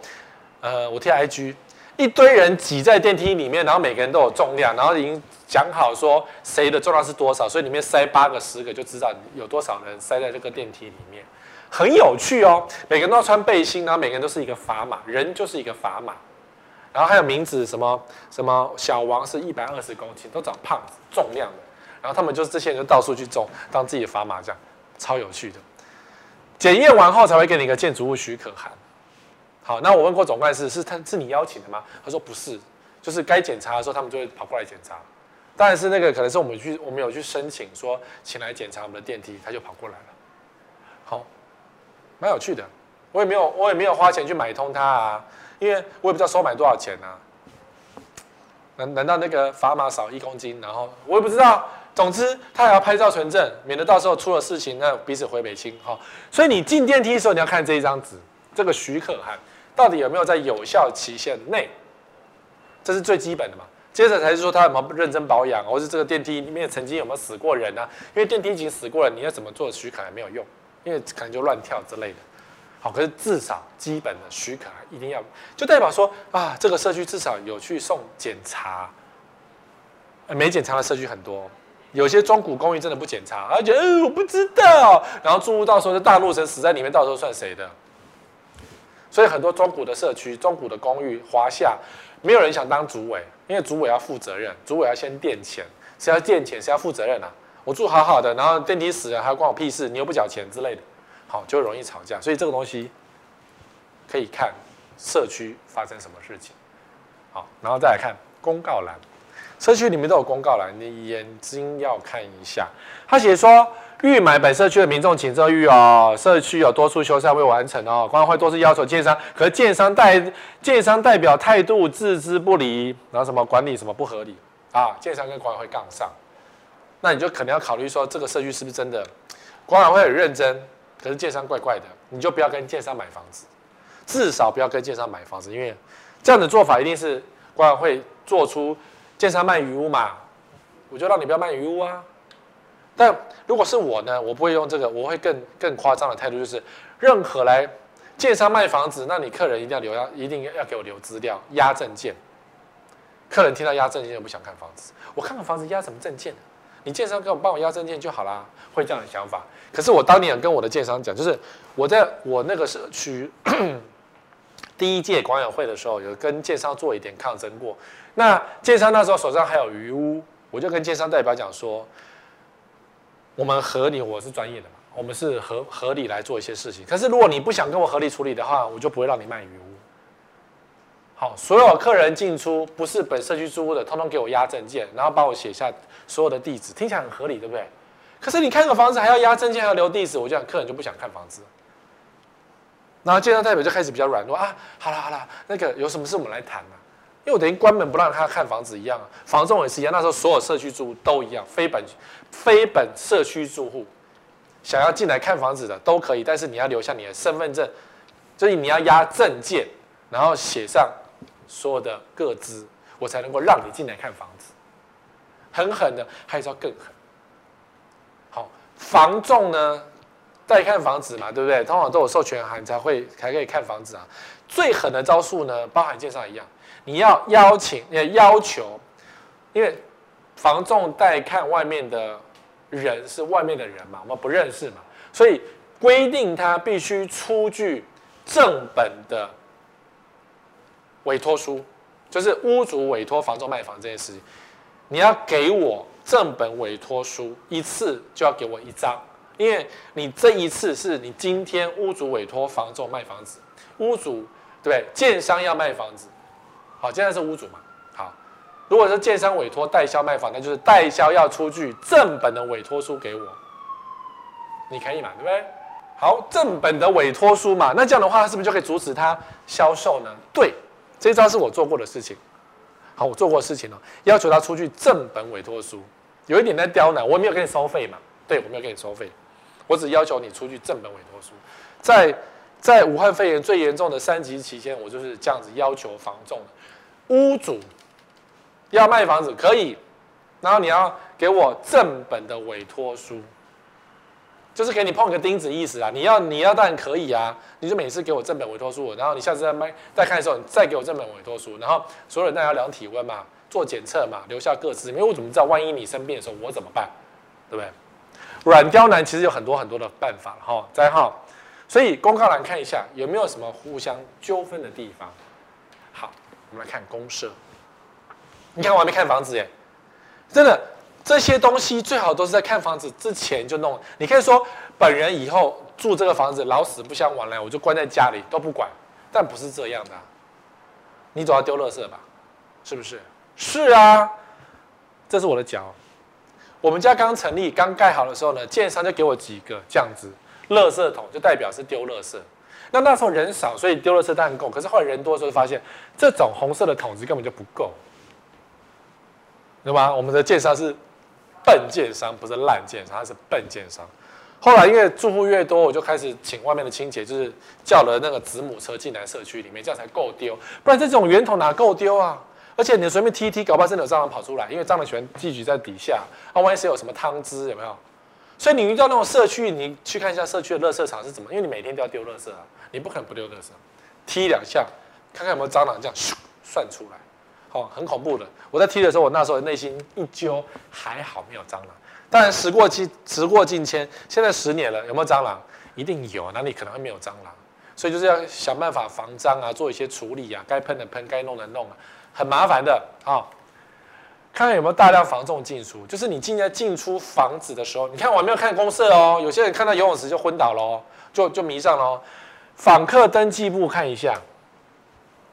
呃，我貼 IG，一堆人擠在電梯裡面，然後每個人都有重量，然後已經講好說誰的重量是多少，所以裡面塞八個、十個就知道有多少人塞在這個電梯裡面，很有趣哦。每個人都要穿背心，然後每個人都是一個砝碼，人就是一個砝碼。然後還有名字，什麼什麼小王是一百二十公斤，都長胖重量的。然後他們就是這些人到處去重，當自己的砝碼，這樣超有趣的。檢驗完後才會給你一個建築物許可函。好，那我問過總幹事，是他是你邀請的嗎？他說不是，就是該檢查的時候，他們就會跑過來檢查。但是那個，可能是我們去，我們有去申請說請來檢查我們的電梯，他就跑過來了。好，蠻有趣的，我也沒有，我也沒有花錢去買通他啊，因為我也不知道收買多少錢啊。難難道那個砝碼少一公斤？然後我也不知道，總之他也要拍照存證，免得到時候出了事情，那彼此回北京。好，所以你進電梯的時候，你要看這一張紙，這個許可函。到底有沒有在有效期限內？這是最基本的嘛。接着才是說他有沒有認真保養，或是這個電梯裡面曾經有沒有死過人啊，因為電梯已經死過了，你要怎麼做許可還沒有用，因為可能就亂跳之類的。好，可是至少基本的許可一定要，就代表說啊，這個社區至少有去送檢查。沒檢查的社區很多，有些中古公寓真的不檢查，而且，呃，我不知道，然後住戶到時候是大陸城死在裡面，到時候算誰的？所以很多中古的社區、中古的公寓，華夏沒有人想當主委，因為主委要負責任，主委要先墊錢，誰要墊錢，誰要負責任啊？我住好好的，然後電梯死了還要關我屁事，你又不繳錢之類的，好，就容易吵架。所以這個東西可以看社區發生什麼事情，好，然後再來看公告欄，社區裡面都有公告欄，你眼睛要看一下，他寫說。預買本社區的民眾，請注意哦，社區有多處修繕未完成哦、喔。管委會多次要求建商，可是建商代建商代表態度置之不理，然後什麼管理什麼不合理啊，建商跟管委會槓上，那你就肯定要考慮說這個社區是不是真的？管委會很認真，可是建商怪怪的，你就不要跟建商買房子，至少不要跟建商買房子，因為這樣的做法一定是管委會做出建商賣餘屋嘛，我就讓你不要賣餘屋啊。但如果是我呢？我不會用這個，我會更更誇張的態度，就是任何來建商賣房子，那你客人一定要留要一定要給我留資料，押證件。客人聽到押證件就不想看房子，我看看房子押什麼證件、啊、你建商給我幫我押證件就好啦，會這樣的想法。可是我當年跟我的建商講，就是我在我那個社區第一屆管委會的時候，有跟建商做一點抗爭過。那建商那時候手上還有餘屋，我就跟建商代表講說。我們合理，我是專業的嘛，我們是合合理來做一些事情。可是如果你不想跟我合理處理的話，我就不會讓你賣魚屋。好，所有客人進出不是本社區租屋的，通通給我押證件，然後幫我寫下所有的地址。聽起來很合理，對不對？可是你看個房子還要押證件，還要留地址，我就講客人就不想看房子。然後介紹代表就開始比較軟弱啊，好了好了，那個有什麼事我們來談啊。因為我等於關門不讓他看房子一樣啊，房仲也是一樣，那時候所有社區住戶都一樣，非本非本社區住戶想要進來看房子的都可以，但是你要留下你的身份證，就是你要押證件，然後寫上所有的個資，我才能夠讓你進來看房子。狠狠的，還是要更狠。好，房仲呢，帶看房子嘛，對不對？通常都有授權函、啊，你才會才可以看房子啊。最狠的招數呢，包含介紹一樣。你要邀請，也要求，因為房仲帶看外面的人是外面的人嘛，我們不認識嘛，所以規定他必須出具正本的委託書，就是屋主委託房仲賣房這件事情，你要給我正本委託書，一次就要給我一張，因為你這一次是你今天屋主委託房仲賣房子，屋主對，對，建商要賣房子。好，現在是屋主嘛？好，如果是建商委托代銷賣房，那就是代銷要出具正本的委托書給我，你可以嘛？對不對？好，正本的委托書嘛，那這樣的話，是不是就可以阻止他銷售呢？對，這招是我做過的事情。好，我做過的事情了、喔，要求他出具正本委托書，有一點在刁難，我沒有給你收費嘛？對，我沒有給你收費，我只要求你出具正本委托書。在在武漢肺炎最嚴重的三級期間，我就是這樣子要求房仲的。屋主要賣房子可以，然後你要給我正本的委託書，就是給你碰個釘子意思啊！你要你要當然可以啊！你就每次給我正本委託書，然後你下次再賣再看的時候，你再給我正本委託書。然後所有人家要量體溫嘛，做檢測嘛，留下個資，因為我怎麼知道萬一你生病的時候我怎麼辦？對不對？軟刁難其實有很多很多的辦法哈，大家好，所以公告欄看一下有沒有什麼互相糾紛的地方。我們來看公設。你看，我還沒看房子耶。真的這些東西最好都是在看房子之前就弄。你可以說本人以後住這個房子老死不相往來，我就關在家裡都不管，但不是這樣的啊。你總要丟垃圾吧？是不是？是啊，這是我的腳。我們家剛成立、剛蓋好的時候呢，建商就給我幾個這樣子，垃圾桶就代表是丟垃圾。那那時候人少，所以丟了車當然夠。可是後來人多的時候，就發現這種紅色的桶子，根本就不夠，對吧？我們的建商是笨建商，不是爛建商，它是笨建商。後來因為住戶越多，我就開始請外面的清潔，就是叫了那個子母車進來社區裡面，這樣才夠丟。不然這種圓桶哪夠丟啊？而且你隨便踢一踢，搞不好真的有蟑螂跑出來，因為蟑螂喜歡聚集在底下。啊，萬一誰有什麼湯汁，有沒有？所以你遇到那種社區，你去看一下社區的垃圾場是怎麼？因為你每天都要丟垃圾啊，你不可能不丟垃圾。踢兩下，看看有沒有蟑螂這樣咻，算出來，好、哦，很恐怖的。我在踢的時候，我那時候內心一揪，還好沒有蟑螂。當然時過境時過境遷，現在十年了，有沒有蟑螂？一定有。哪裡可能會沒有蟑螂？所以就是要想辦法防蟑啊，做一些處理啊，該噴的噴，該弄的弄啊，很麻煩的啊。哦看看有沒有大量房仲進出，就是你今天進出房子的時候，你看我還沒有看公設哦，有些人看到游泳池就昏倒咯，哦，就就迷上了哦，訪客登記簿看一下，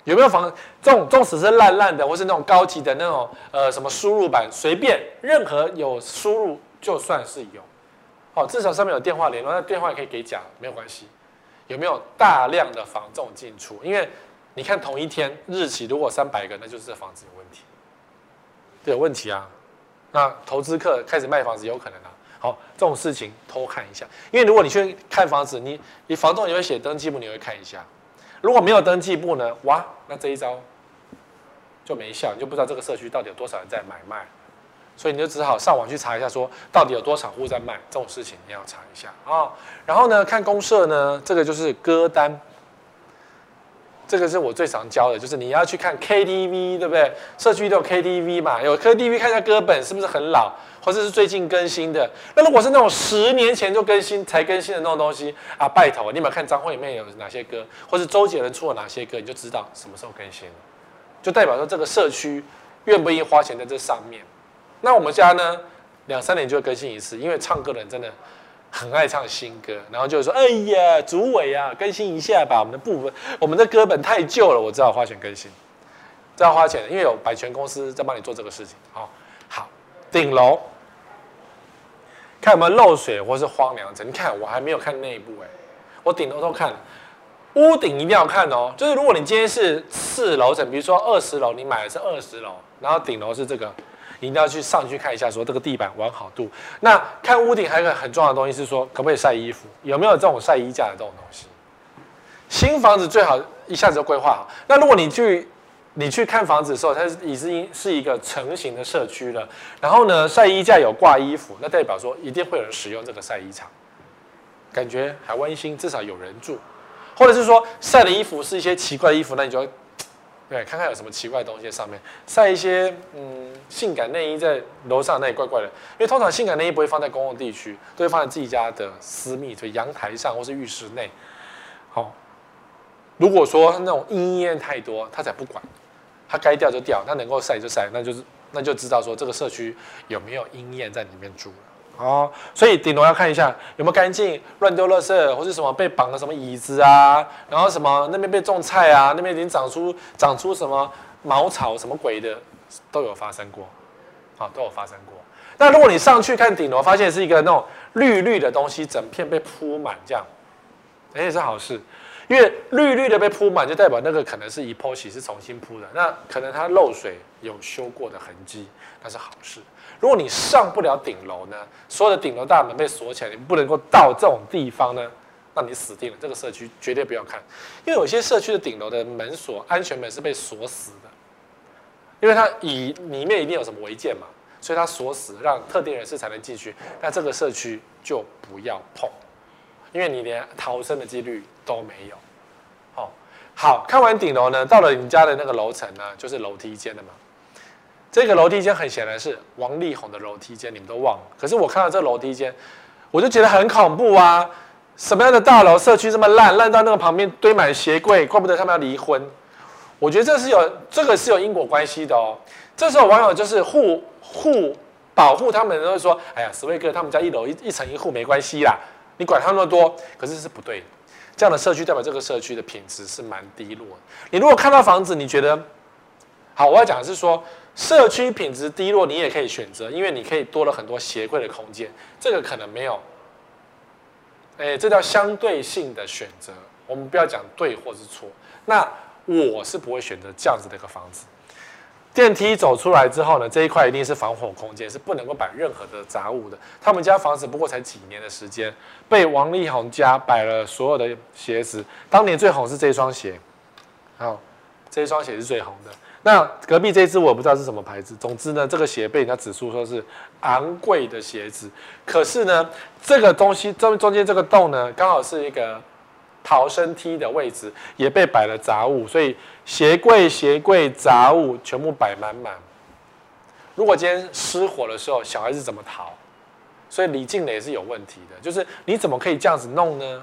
有沒有房仲，縱使是爛爛的，或是那種高級的那種呃什麼輸入版，隨便任何有輸入就算是有，哦，至少上面有電話聯絡，那電話也可以給假，沒有關係。有沒有大量的房仲進出？因為你看同一天日期，如果三百個，那就是這房子有問題。有問題啊，那投資客開始賣房子有可能啊。好，這種事情偷看一下，因為如果你去看房子，你你房東也會寫登記簿，你會看一下。如果沒有登記簿呢？哇，那這一招就沒效，你就不知道這個社區到底有多少人在買賣，所以你就只好上網去查一下，說到底有多少戶在賣。這種事情你要查一下啊，哦。然後呢，看公社呢，這個就是歌單。這個是我最常教的，就是你要去看 KTV，對不對？社區都有 KTV 嘛，有 KTV 看一下歌本是不是很老，或者是，是最近更新的。那如果是那種十年前就更新，才更新的那種東西啊，拜託，你有沒有看張惠妹裡面有哪些歌，或是周杰倫出了哪些歌，你就知道什麼時候更新了，就代表說這個社區願不願意花錢在這上面。那我們家呢，兩三年就會更新一次，因為唱歌的人真的。很愛唱新歌，然後就說：“哎呀，主委啊，更新一下吧，我們的部分，我們的歌本太舊了，我只好花錢更新，知道花錢，因為有版權公司在幫你做這個事情啊。”好，頂樓，看有沒有漏水或是荒涼層。你看，我還沒有看內部哎、欸，我頂樓都看了，屋頂一定要看哦、喔。就是如果你今天是四樓層，比如說二十樓，你買的是二十樓，然後頂樓是這個。你一定要去上去看一下，說這個地板完好度。那看屋頂還有一個很重要的東西是說，可不可以曬衣服？有沒有這種曬衣架的這種東西？新房子最好一下子就規劃好。那如果你去你去看房子的時候，它是已經是一個成型的社區了。然後呢，曬衣架有掛衣服，那代表說一定會有人使用這個曬衣場，感覺還溫馨，至少有人住。或者是說曬的衣服是一些奇怪的衣服，那你就會，對，看看有什麼奇怪的東西在上面曬一些嗯。性感內衣在樓上，那也怪怪的，因為通常性感內衣不會放在公共地區，都會放在自己家的私密，所以陽台上或是浴室內。好，如果說那種陰液太多，他才不管，他該掉就掉，他能夠曬就曬，那就是那就知道說這個社區有沒有陰液在裡面住了。哦，所以頂樓要看一下有沒有乾淨，亂丟垃圾或是什麼被綁了什麼椅子啊，然後什麼那邊被種菜啊，那邊已經長出長出什麼茅草什麼鬼的。都有發生過，好、哦，都有發生過。但如果你上去看頂樓，發現是一個那種綠綠的東西，整片被鋪滿，這樣，也、欸、是好事，因為綠綠的被鋪滿，就代表那個可能是 epoxy，是重新鋪的，那可能它漏水有修過的痕跡，那是好事。如果你上不了頂樓呢，所有的頂樓大門被鎖起來，你不能夠到這種地方呢，那你死定了。這個社區絕對不要看，因為有些社區的頂樓的門鎖、安全門是被鎖死的。因為它以裡面一定有什麼違建嘛，所以它鎖死，讓特定人士才能進去。那這個社區就不要碰，因為你連逃生的幾率都沒有。哦、好，好看完頂樓呢，到了你們家的那個樓層呢，就是樓梯間的嘛。這個樓梯間很顯然是王力宏的樓梯間，你們都忘了。可是我看到這樓梯間，我就覺得很恐怖啊！什麼樣的大樓社區這麼爛，爛到那個旁邊堆滿鞋櫃，怪不得他們要離婚。我覺得這是有這個是有因果關係的哦、喔。這時候網友就是戶戶保護，他們都會說：“哎呀，史威哥他們家一樓一層一戶沒關係啦，你管他那麼多。”可是這是不對的，這樣的社區代表這個社區的品質是蠻低落的。你如果看到房子，你覺得好，我要講的是說，社區品質低落，你也可以選擇，因為你可以多了很多鞋櫃的空間。這個可能沒有，哎、欸，這叫相對性的選擇。我們不要講對或是錯，那。我是不會選擇這樣子的一個房子。電梯走出來之後呢，這一塊一定是防火空間，是不能夠擺任何的雜物的。他們家房子不過才幾年的時間，被王力宏家擺了所有的鞋子。當年最紅是這雙鞋，好，這雙鞋是最紅的。那隔壁這隻我不知道是什麼牌子，總之呢，這個鞋被人家指出說是昂貴的鞋子。可是呢，這個東西中中間這個洞呢，剛好是一個。逃生梯的位置也被擺了雜物，所以鞋櫃、鞋櫃、櫃雜物全部擺滿滿。如果今天失火的時候，小孩子怎麼逃？所以李靚蕾是有問題的，就是你怎麼可以這樣子弄呢？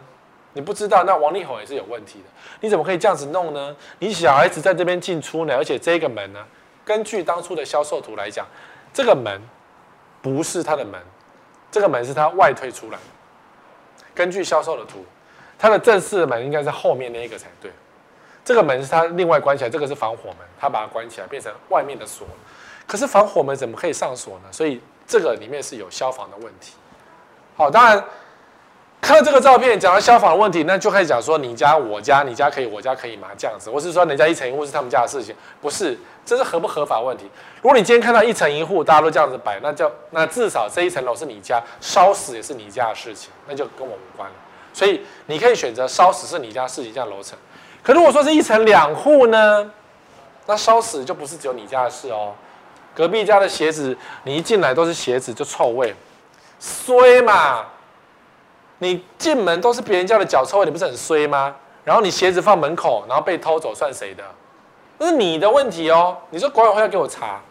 你不知道。那王力宏也是有問題的，你怎麼可以這樣子弄呢？你小孩子在這邊進出呢，而且這個門呢、啊，根據當初的銷售圖來講，這個門不是他的門，這個門是他外推出來的，根據銷售的圖。它的正式門應該是後面那一個才對，這個門是它另外關起來，這個是防火門，它把它關起來變成外面的鎖。可是防火門怎麼可以上鎖呢？所以這個裡面是有消防的問題。好，當然看到這個照片，講到消防的問題，那就開始講說你家、我家，你家可以，我家可以嗎？這樣子，我是說人家一層一戶是他們家的事情，不是，這是合不合法問題。如果你今天看到一層一戶大家都這樣子擺，那就那至少這一層樓是你家，燒死也是你家的事情，那就跟我無關了。所以你可以選擇燒死是你家事情，這樣樓層。可如果說是一層兩戶呢，那燒死就不是只有你家的事哦。隔壁家的鞋子，你一進來都是鞋子就臭味，衰嘛！你進門都是別人家的腳臭味，你不是很衰嗎？然後你鞋子放門口，然後被偷走算誰的？那是你的問題哦。你說管委會要給我查，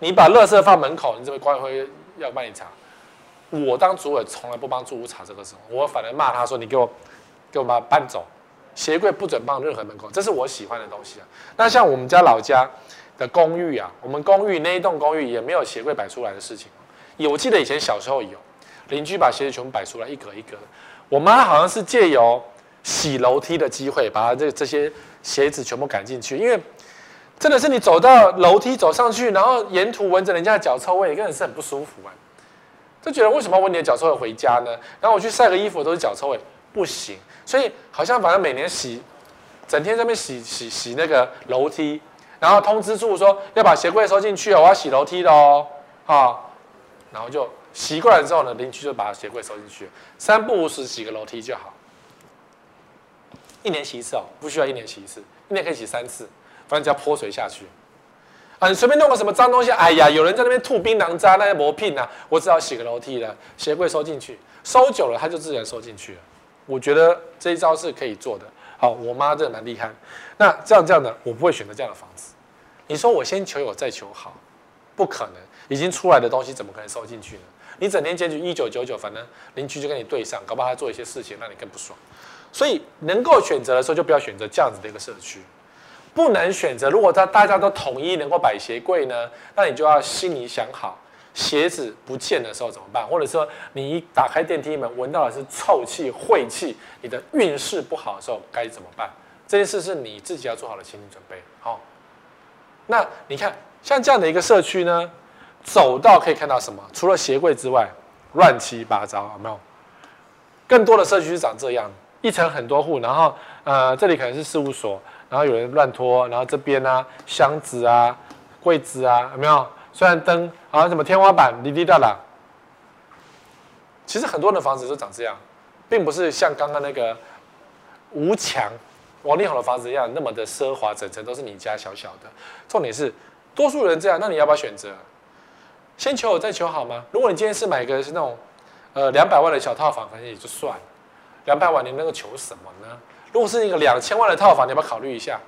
你把垃圾放門口，你這麼管委會要幫你查？我當主委從來不幫住屋查這個事，我反而罵他說：“你給我，給我把他搬走，鞋櫃不准放任何門口，這是我喜歡的東西啊。”那像我們家老家的公寓啊，我們公寓那一棟公寓也沒有鞋櫃擺出來的事情。有，我記得以前小時候有鄰居把鞋子全部擺出來一格一格。我媽好像是借由洗樓梯的機會，把這這些鞋子全部趕進去，因為真的是你走到樓梯走上去，然後沿途聞着人家的腳臭味，一個人是很不舒服啊。就覺得為什麼我你的腳臭味回家呢？然後我去曬個衣服都是腳臭味，不行。所以好像反正每年洗，整天在那邊洗洗洗那個樓梯，然後通知住說要把鞋櫃收進去，我要洗樓梯的哦，啊，然後就習慣了之後呢，鄰居就把鞋櫃收進去，三不五時洗個樓梯就好，一年洗一次哦，不需要一年洗一次，一年可以洗三次，反正只要潑水下去。很隨、啊、便弄個什麼髒東西，哎呀，有人在那邊吐檳榔渣，那也沒品啊，我只好洗個樓梯了。鞋櫃收進去，收久了它就自然收進去了。我覺得這一招是可以做的。好，我媽這蠻厲害。那這樣這樣的，我不會選擇這樣的房子。你說我先求有再求好，不可能，已經出來的東西怎麼可能收進去呢？你整天撿起一九九九，反正鄰居就跟你對上，搞不好他做一些事情讓你更不爽。所以能夠選擇的時候，就不要選擇這樣子的一個社區。不能選擇。如果他大家都統一能夠擺鞋櫃呢，那你就要心裡想好，鞋子不見的時候怎麼辦？或者說你一打開電梯門聞到的是臭氣、晦氣，你的運勢不好的時候該怎麼辦？這件事是你自己要做好的心理準備。好、哦，那你看像這樣的一個社區呢，走到可以看到什麼？除了鞋櫃之外，亂七八糟，有沒有？更多的社區是長這樣，一層很多戶，然後呃，這裡可能是事務所。然後有人亂拖，然後這邊啊，箱子啊、櫃子啊，有沒有？雖然燈啊，什麼天花板滴滴答答。其實很多的房子都長這樣，並不是像剛剛那個吳強、王力宏的房子一樣那麼的奢華，整層都是你家小小的。重點是，多數人這樣，那你要不要選擇？先求我再求好嗎？如果你今天是買一個是那種呃兩百萬的小套房，反正也就算了。兩百萬，你那個求什麼呢？如果是那個兩千萬的套房，你要不要考慮一下？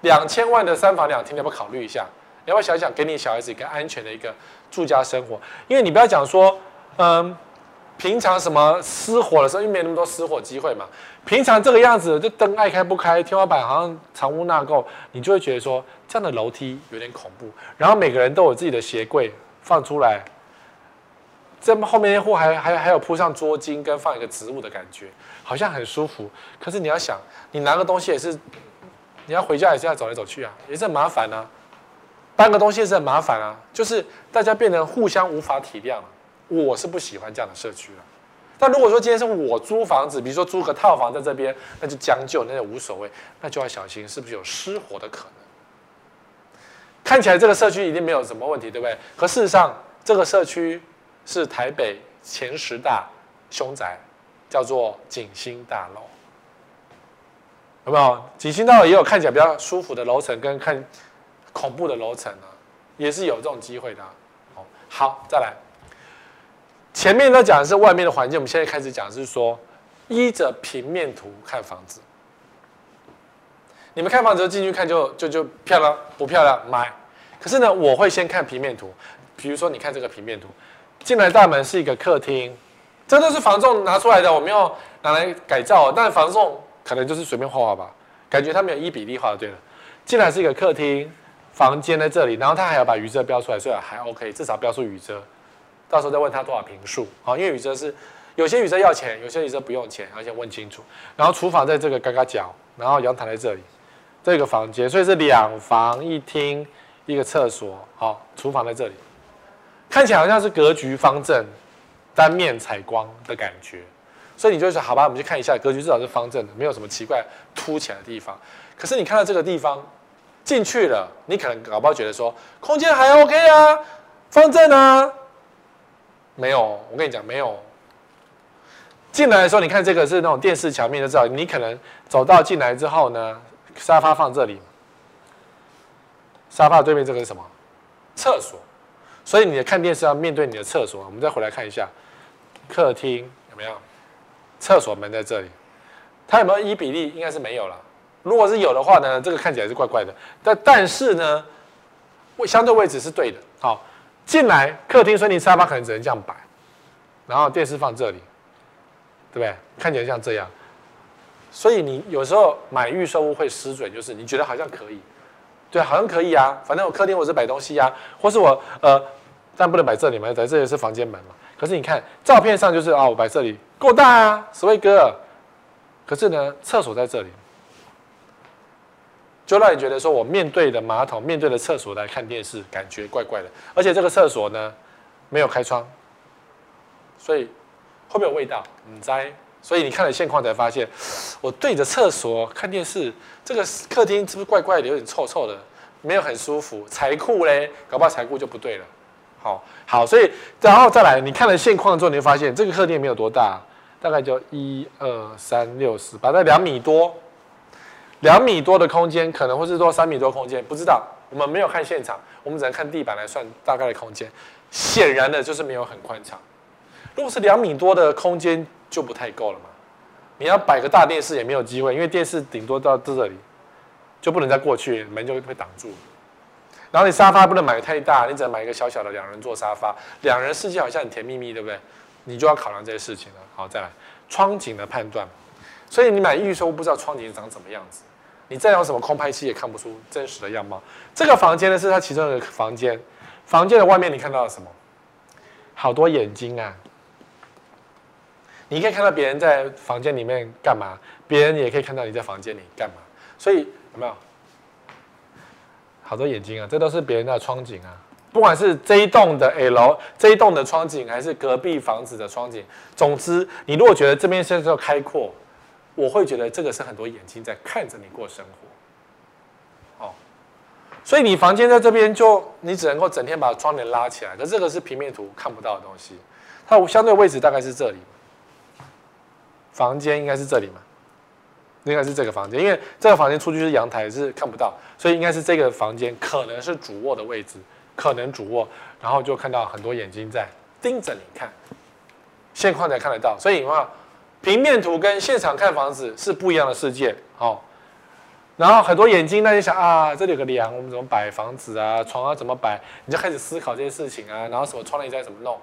兩千萬的三房兩廳，你要不要考慮一下？你要不要想想，給你小孩子一個安全的一個住家生活？因為你不要講說，嗯，平常什麼失火的時候，因為沒那麼多失火機會嘛。平常這個樣子，這燈愛開不開，天花板好像藏污納垢，你就會覺得說這樣的樓梯有點恐怖。然後每個人都有自己的鞋櫃放出來，這麼後面一戶還還還有鋪上桌巾跟放一個植物的感覺。好像很舒服，可是你要想，你拿個東西也是，你要回家也是要走來走去啊，也是很麻煩啊，搬個東西也是很麻煩啊，就是大家變成互相無法體諒了，我是不喜歡這樣的社區了。但如果說今天是我租房子，比如說租個套房在這邊，那就將就，那就無所謂，那就要小心是不是有失火的可能。看起來這個社區一定沒有什麼問題，對不對？可事實上，這個社區是台北前十大兇宅。叫做景星大樓，有沒有？景星大樓也有看起來比較舒服的樓層，跟看恐怖的樓層啊，也是有這種機會的啊。好，再來。前面呢，講的是外面的環境，我們現在開始講，是說依着平面圖看房子。你們看房子進去看就，就就就漂亮不漂亮？買。可是呢，我會先看平面圖。比如說，你看這個平面圖，進來大門是一個客廳。這都是房仲拿出來的，我沒有拿來改造。但房仲可能就是隨便畫畫吧，感覺他沒有一比例畫對了。進來是一個客廳，房間在這裡，然後他還要把雨遮標出來，所以還 OK，至少標出雨遮。到時候再問他多少平數。因為雨遮是有些雨遮要錢，有些雨遮不用錢，要先問清楚。然後廚房在這個嘎嘎角，然後陽台在這裡，這個房間，所以是兩房一廳一個廁所。好，廚房在這裡，看起來好像是格局方正。單面採光的感覺，所以你就說：“好吧，我們去看一下格局，至少是方正的，沒有什麼奇怪凸起來的地方。”可是你看到這個地方進去了，你可能搞不好覺得說空間還 OK 啊，方正啊，沒有。我跟你講，沒有。進來的時候，你看這個是那種電視牆面的照，你可能走到進來之後呢，沙發放這裡，沙發對面這個是什麼？廁所。所以你的看電視要面對你的廁所。我們再回來看一下。客廳有沒有？廁所門在這裡，它有沒有依比例？應該是沒有了。如果是有的話呢，這個看起來是怪怪的。但但是呢，位相對位置是對的。好，進來客廳，所以你沙發可能只能這樣擺，然後電視放這裡，對不對？看起來像這樣。所以你有時候買預售屋會失準，就是你覺得好像可以，對，好像可以啊。反正我客廳我是擺東西啊，或是我呃，但不能擺這裡嘛，在這裡是房間門嘛。可是你看，照片上就是啊，我擺這裡夠大啊，Sway 哥。可是呢，廁所在這裡，就讓你覺得說我面對的馬桶面對的廁所來看電視，感覺怪怪的。而且這個廁所呢，沒有開窗，所以會不會有味道？你猜？所以你看了現況才發現，我對着廁所看電視，這個客廳是不是怪怪的，有點臭臭的，沒有很舒服？財庫嘞，搞不好財庫就不對了。好。好，所以然後再來，你看了現況之後，你會發現這個客廳也沒有多大，大概就一二三六十八，那兩米多，兩米多的空間，可能會是說三米多空間，不知道，我們沒有看現場，我們只能看地板來算大概的空間，顯然的就是沒有很寬敞，如果是兩米多的空間就不太夠了嘛，你要擺個大電視也沒有機會，因為電視頂多到到這裡，就不能再過去，門就會被擋住。然後你沙發不能買太大，你只能買一個小小的兩人坐沙發，兩人世界好像很甜蜜蜜，對不對？你就要考量這些事情了。好，再來窗景的判斷。所以你買預售不知道窗景長什麼樣子，你再用什麼空拍器也看不出真實的樣貌。這個房間呢是它其中一個房間，房間的外面你看到了什麼？好多眼睛啊！你可以看到別人在房間裡面幹嘛，別人也可以看到你在房間裡幹嘛。所以有沒有？好多眼睛啊！這都是別人的窗景啊。不管是這一棟的 L，這一棟的窗景，還是隔壁房子的窗景。總之，你如果覺得這邊現在開闊，我會覺得這個是很多眼睛在看着你過生活。哦，所以你房間在這邊，就你只能夠整天把窗簾拉起來。可這個是平面圖看不到的東西，它相對位置大概是這裡，房間應該是這裡嘛。應該是這個房間，因為這個房間出去是陽台，是看不到，所以應該是這個房間，可能是主臥的位置，可能主臥，然後就看到很多眼睛在盯着你看，現況才看得到，所以的話，平面圖跟現場看房子是不一樣的世界哦。然後很多眼睛那想，那就想啊，這裡有個梁，我們怎麼擺房子啊，床啊怎麼擺，你就開始思考這些事情啊，然後什麼窗簾在怎麼弄，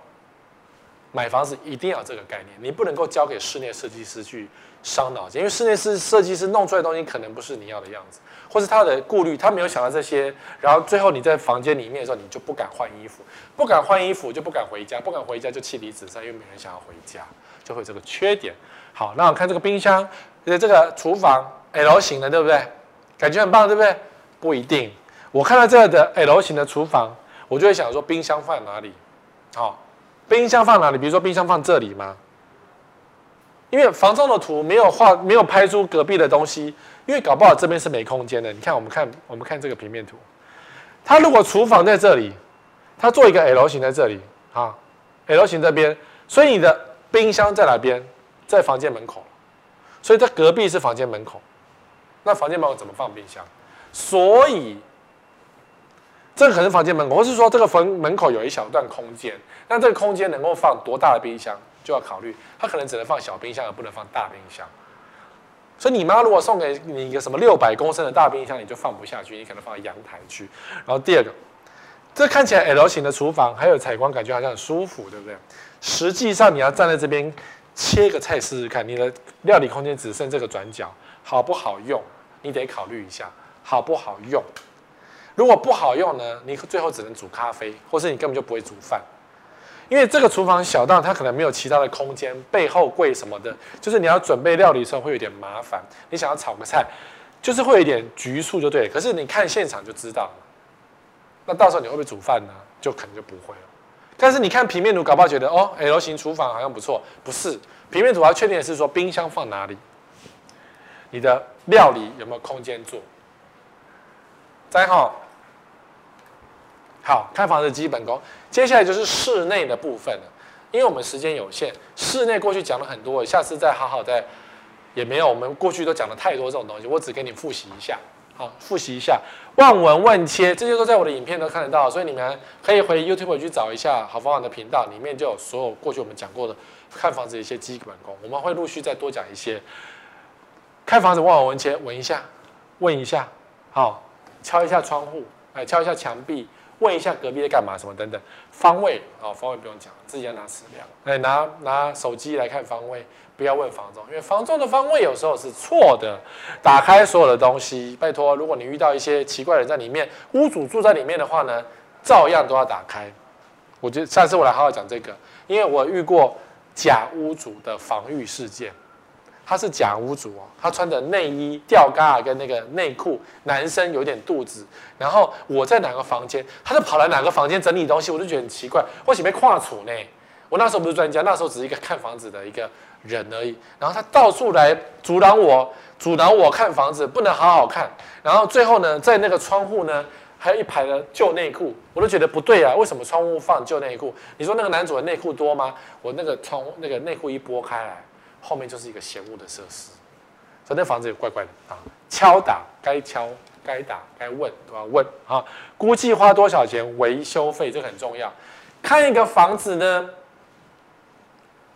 買房子一定要這個概念，你不能夠交給室內設計師去。傷腦筋，因為室內設設計師弄出來的東西可能不是你要的樣子，或是他的顧慮，他沒有想到這些，然後最後你在房間裡面的時候，你就不敢換衣服，不敢換衣服就不敢回家，不敢回家就妻離子散，因為沒人想要回家，就會有這個缺點。好，那我看這個冰箱，這個廚房 L 型的，對不對？感覺很棒，對不對？不一定，我看到這個的 L 型的廚房，我就會想說，冰箱放哪裡？好，冰箱放哪裡？比如說冰箱放這裡嗎？因為房仲的圖沒有畫，沒有拍出隔壁的東西，因為搞不好這邊是沒空間的。你看，我們看，我們看這個平面圖，它如果廚房在這裡，它做一個 L 型在這裡啊，L 型這邊，所以你的冰箱在哪邊？在房間門口，所以在隔壁是房間門口，那房間門口怎麼放冰箱？所以。這個可能房間門口，我是說這個房門口有一小段空間，那這個空間能夠放多大的冰箱，就要考慮，它可能只能放小冰箱，而不能放大冰箱。所以你媽如果送給你一個什麼六百公升的大冰箱，你就放不下去，你可能放在陽台去。然後第二個，這看起來 L 型的廚房，還有採光，感覺好像很舒服，對不對？實際上你要站在這邊切一個菜試試看，你的料理空間只剩這個轉角，好不好用？你得考慮一下好不好用。如果不好用呢，你最後只能煮咖啡，或是你根本就不會煮飯，因為這個廚房小到它可能沒有其他的空間，背後櫃什麼的，就是你要準備料理的時候會有點麻煩。你想要炒個菜，就是會有點局促，就對。可是你看現場就知道了，那到時候你會不會煮飯呢？就可能就不會了。但是你看平面圖，搞不好覺得哦 L 型廚房好像不錯，不是？平面圖要確定的是說冰箱放哪裡，你的料理有沒有空間做？大家好。好，看房子的基本功，接下來就是室內的部分了，因為我們時間有限，室內過去講了很多，下次再好好再，也沒有，我們過去都講了太多這種東西，我只給你複習一下，好，複習一下，望聞問切，這些都在我的影片都看得到，所以你們可以回 YouTube 去找一下好房網的頻道，裡面就有所有過去我們講過的看房子的一些基本功，我們會陸續再多講一些，看房子望聞問切，聞一下，問一下，好，敲一下窗戶，哎，敲一下牆壁。問一下隔壁在幹嘛什麼等等，方位啊、哦、方位不用講，自己要拿資料，欸，拿拿手機來看方位，不要問房中，因為房中的方位有時候是錯的。打開所有的東西，拜託，如果你遇到一些奇怪的人在裡面，屋主住在裡面的話呢，照樣都要打開。我覺得下次我來好好講這個，因為我遇過假屋主的防禦事件。他是假屋主哦，他穿着內衣吊嘎跟那個內褲，男生有點肚子。然後我在哪個房間，他就跑來哪個房間整理東西，我就覺得很奇怪，為什麼跨處呢？我那時候不是專家，那時候只是一個看房子的一個人而已。然後他到處來阻擋我，阻擋我看房子，不能好好看。然後最後呢，在那個窗戶呢，還有一排的舊內褲，我都覺得不對啊，為什麼窗戶放舊內褲？你說那個男主的內褲多嗎？我那個窗戶那個內褲一撥開來。後面就是一個閒物的設施，所以那房子也怪怪的啊。敲打該敲，該打該問都要問啊。估計花多少錢維修費，這個、很重要。看一個房子呢，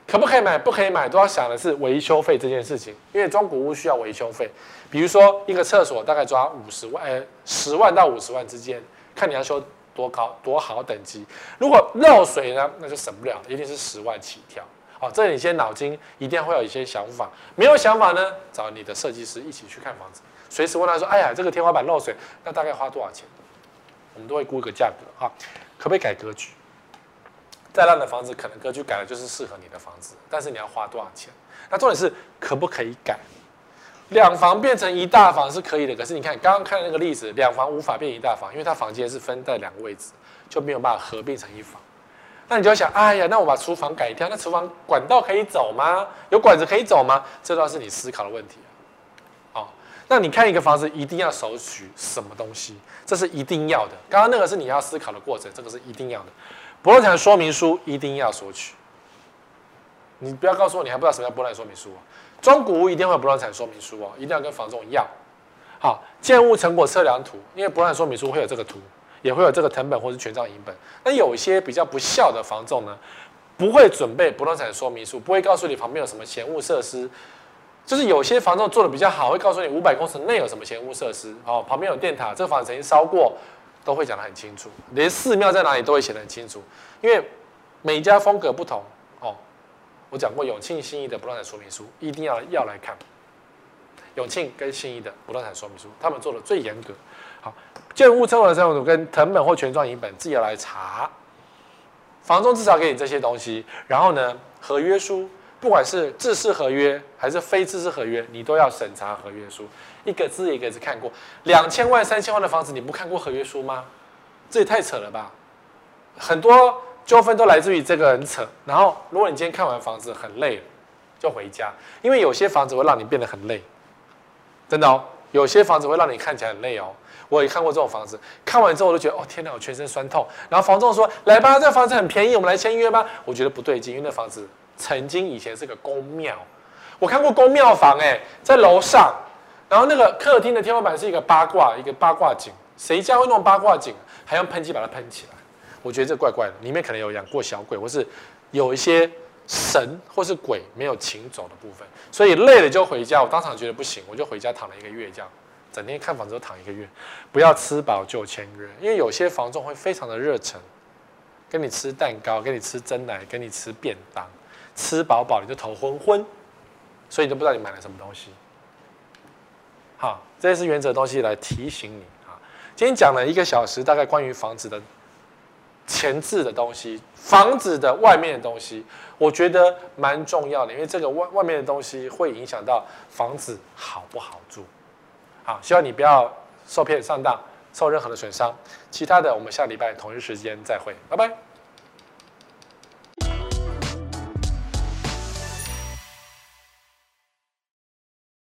可不可以買，不可以買都要想的是維修費這件事情，因為裝古屋需要維修費。比如說一個廁所大概抓五十萬，呃、欸，十萬到五十萬之間，看你要修多高多好等級。如果漏水呢，那就省不了一定是十萬起跳。哦，這裡你先腦筋，一定會有一些想法。沒有想法呢，找你的設計師一起去看房子，隨時問他說：“哎呀，這個天花板漏水，那大概花多少錢？”我們都會估一個價格啊，可不可以改格局？再爛的房子，可能格局改了就是適合你的房子，但是你要花多少錢？那重點是可不可以改？兩房變成一大房是可以的，可是你看剛剛看那個例子，兩房無法變一大房，因為它房間是分在兩個位置，就沒有辦法合併成一房。那你就想，哎呀，那我把廚房改掉，那廚房管道可以走嗎？有管子可以走嗎？這段是你思考的問題啊。好，那你看一個房子一定要索取什麼東西？這是一定要的。剛剛那個是你要思考的過程，這個是一定要的。不動產說明書一定要索取。你不要告訴我你還不知道什麼叫不動產說明書。中古屋一定會有不動產說明書哦、啊啊，一定要跟房東要。好，建物成果測量圖，因為不動產說明書會有這個圖。也會有這個謄本，本，或是權狀影本。那有一些比較不肖的房仲呢，不會準備不動產說明書，不會告訴你旁邊有什麼嫌惡設施。就是有些房仲做的比較好，會告訴你五百公尺內有什麼嫌惡設施哦，旁邊有電塔，這個房子曾經燒過，都會講得很清楚，連寺廟在哪裡都會寫得很清楚。因為每家風格不同哦，我講過永慶信義的不動產說明書一定要要來看，永慶跟信義的不動產說明書，他們做的最嚴格。好，建物測繪證跟謄本或權狀影本自己要來查，房東至少給你這些東西。然後呢，合約書，不管是制式合約還是非制式合約，你都要審查合約書，一個字一個字看過。兩千萬、三千萬的房子，你不看過合約書嗎？這也太扯了吧！很多糾紛都來自於這個很扯。然後，如果你今天看完房子很累了，就回家，因為有些房子會讓你變得很累，真的哦。有些房子會讓你看起來很累哦。我也看過這種房子，看完之後我就覺得哦天吶，我全身酸痛。然後房東說，來吧，這房子很便宜，我們來簽約吧。我覺得不對勁，因為那房子曾經以前是個宮廟，我看過宮廟房哎、欸，在樓上，然後那個客廳的天花板是一個八卦，一個八卦井，誰家會弄八卦井，還用噴漆把它噴起來？我覺得這怪怪的，裡面可能有養過小鬼，或是有一些神或是鬼沒有請走的部分，所以累了就回家。我當場覺得不行，我就回家躺了一個月這樣。整天看房子都躺一個月，不要吃飽就簽約，因為有些房仲會非常的熱誠，跟你吃蛋糕，跟你吃珍奶，跟你吃便當，吃飽飽你就頭昏昏，所以你都不知道你買了什麼東西。好，這些是原則東西來提醒你啊。今天講了一個小時，大概關於房子的前置的東西，房子的外面的東西，我覺得蠻重要的，因為這個外外面的東西會影響到房子好不好住。啊，希望你不要受騙上當，受任何的損傷。其他的，我們下禮拜同一時間再會，拜拜。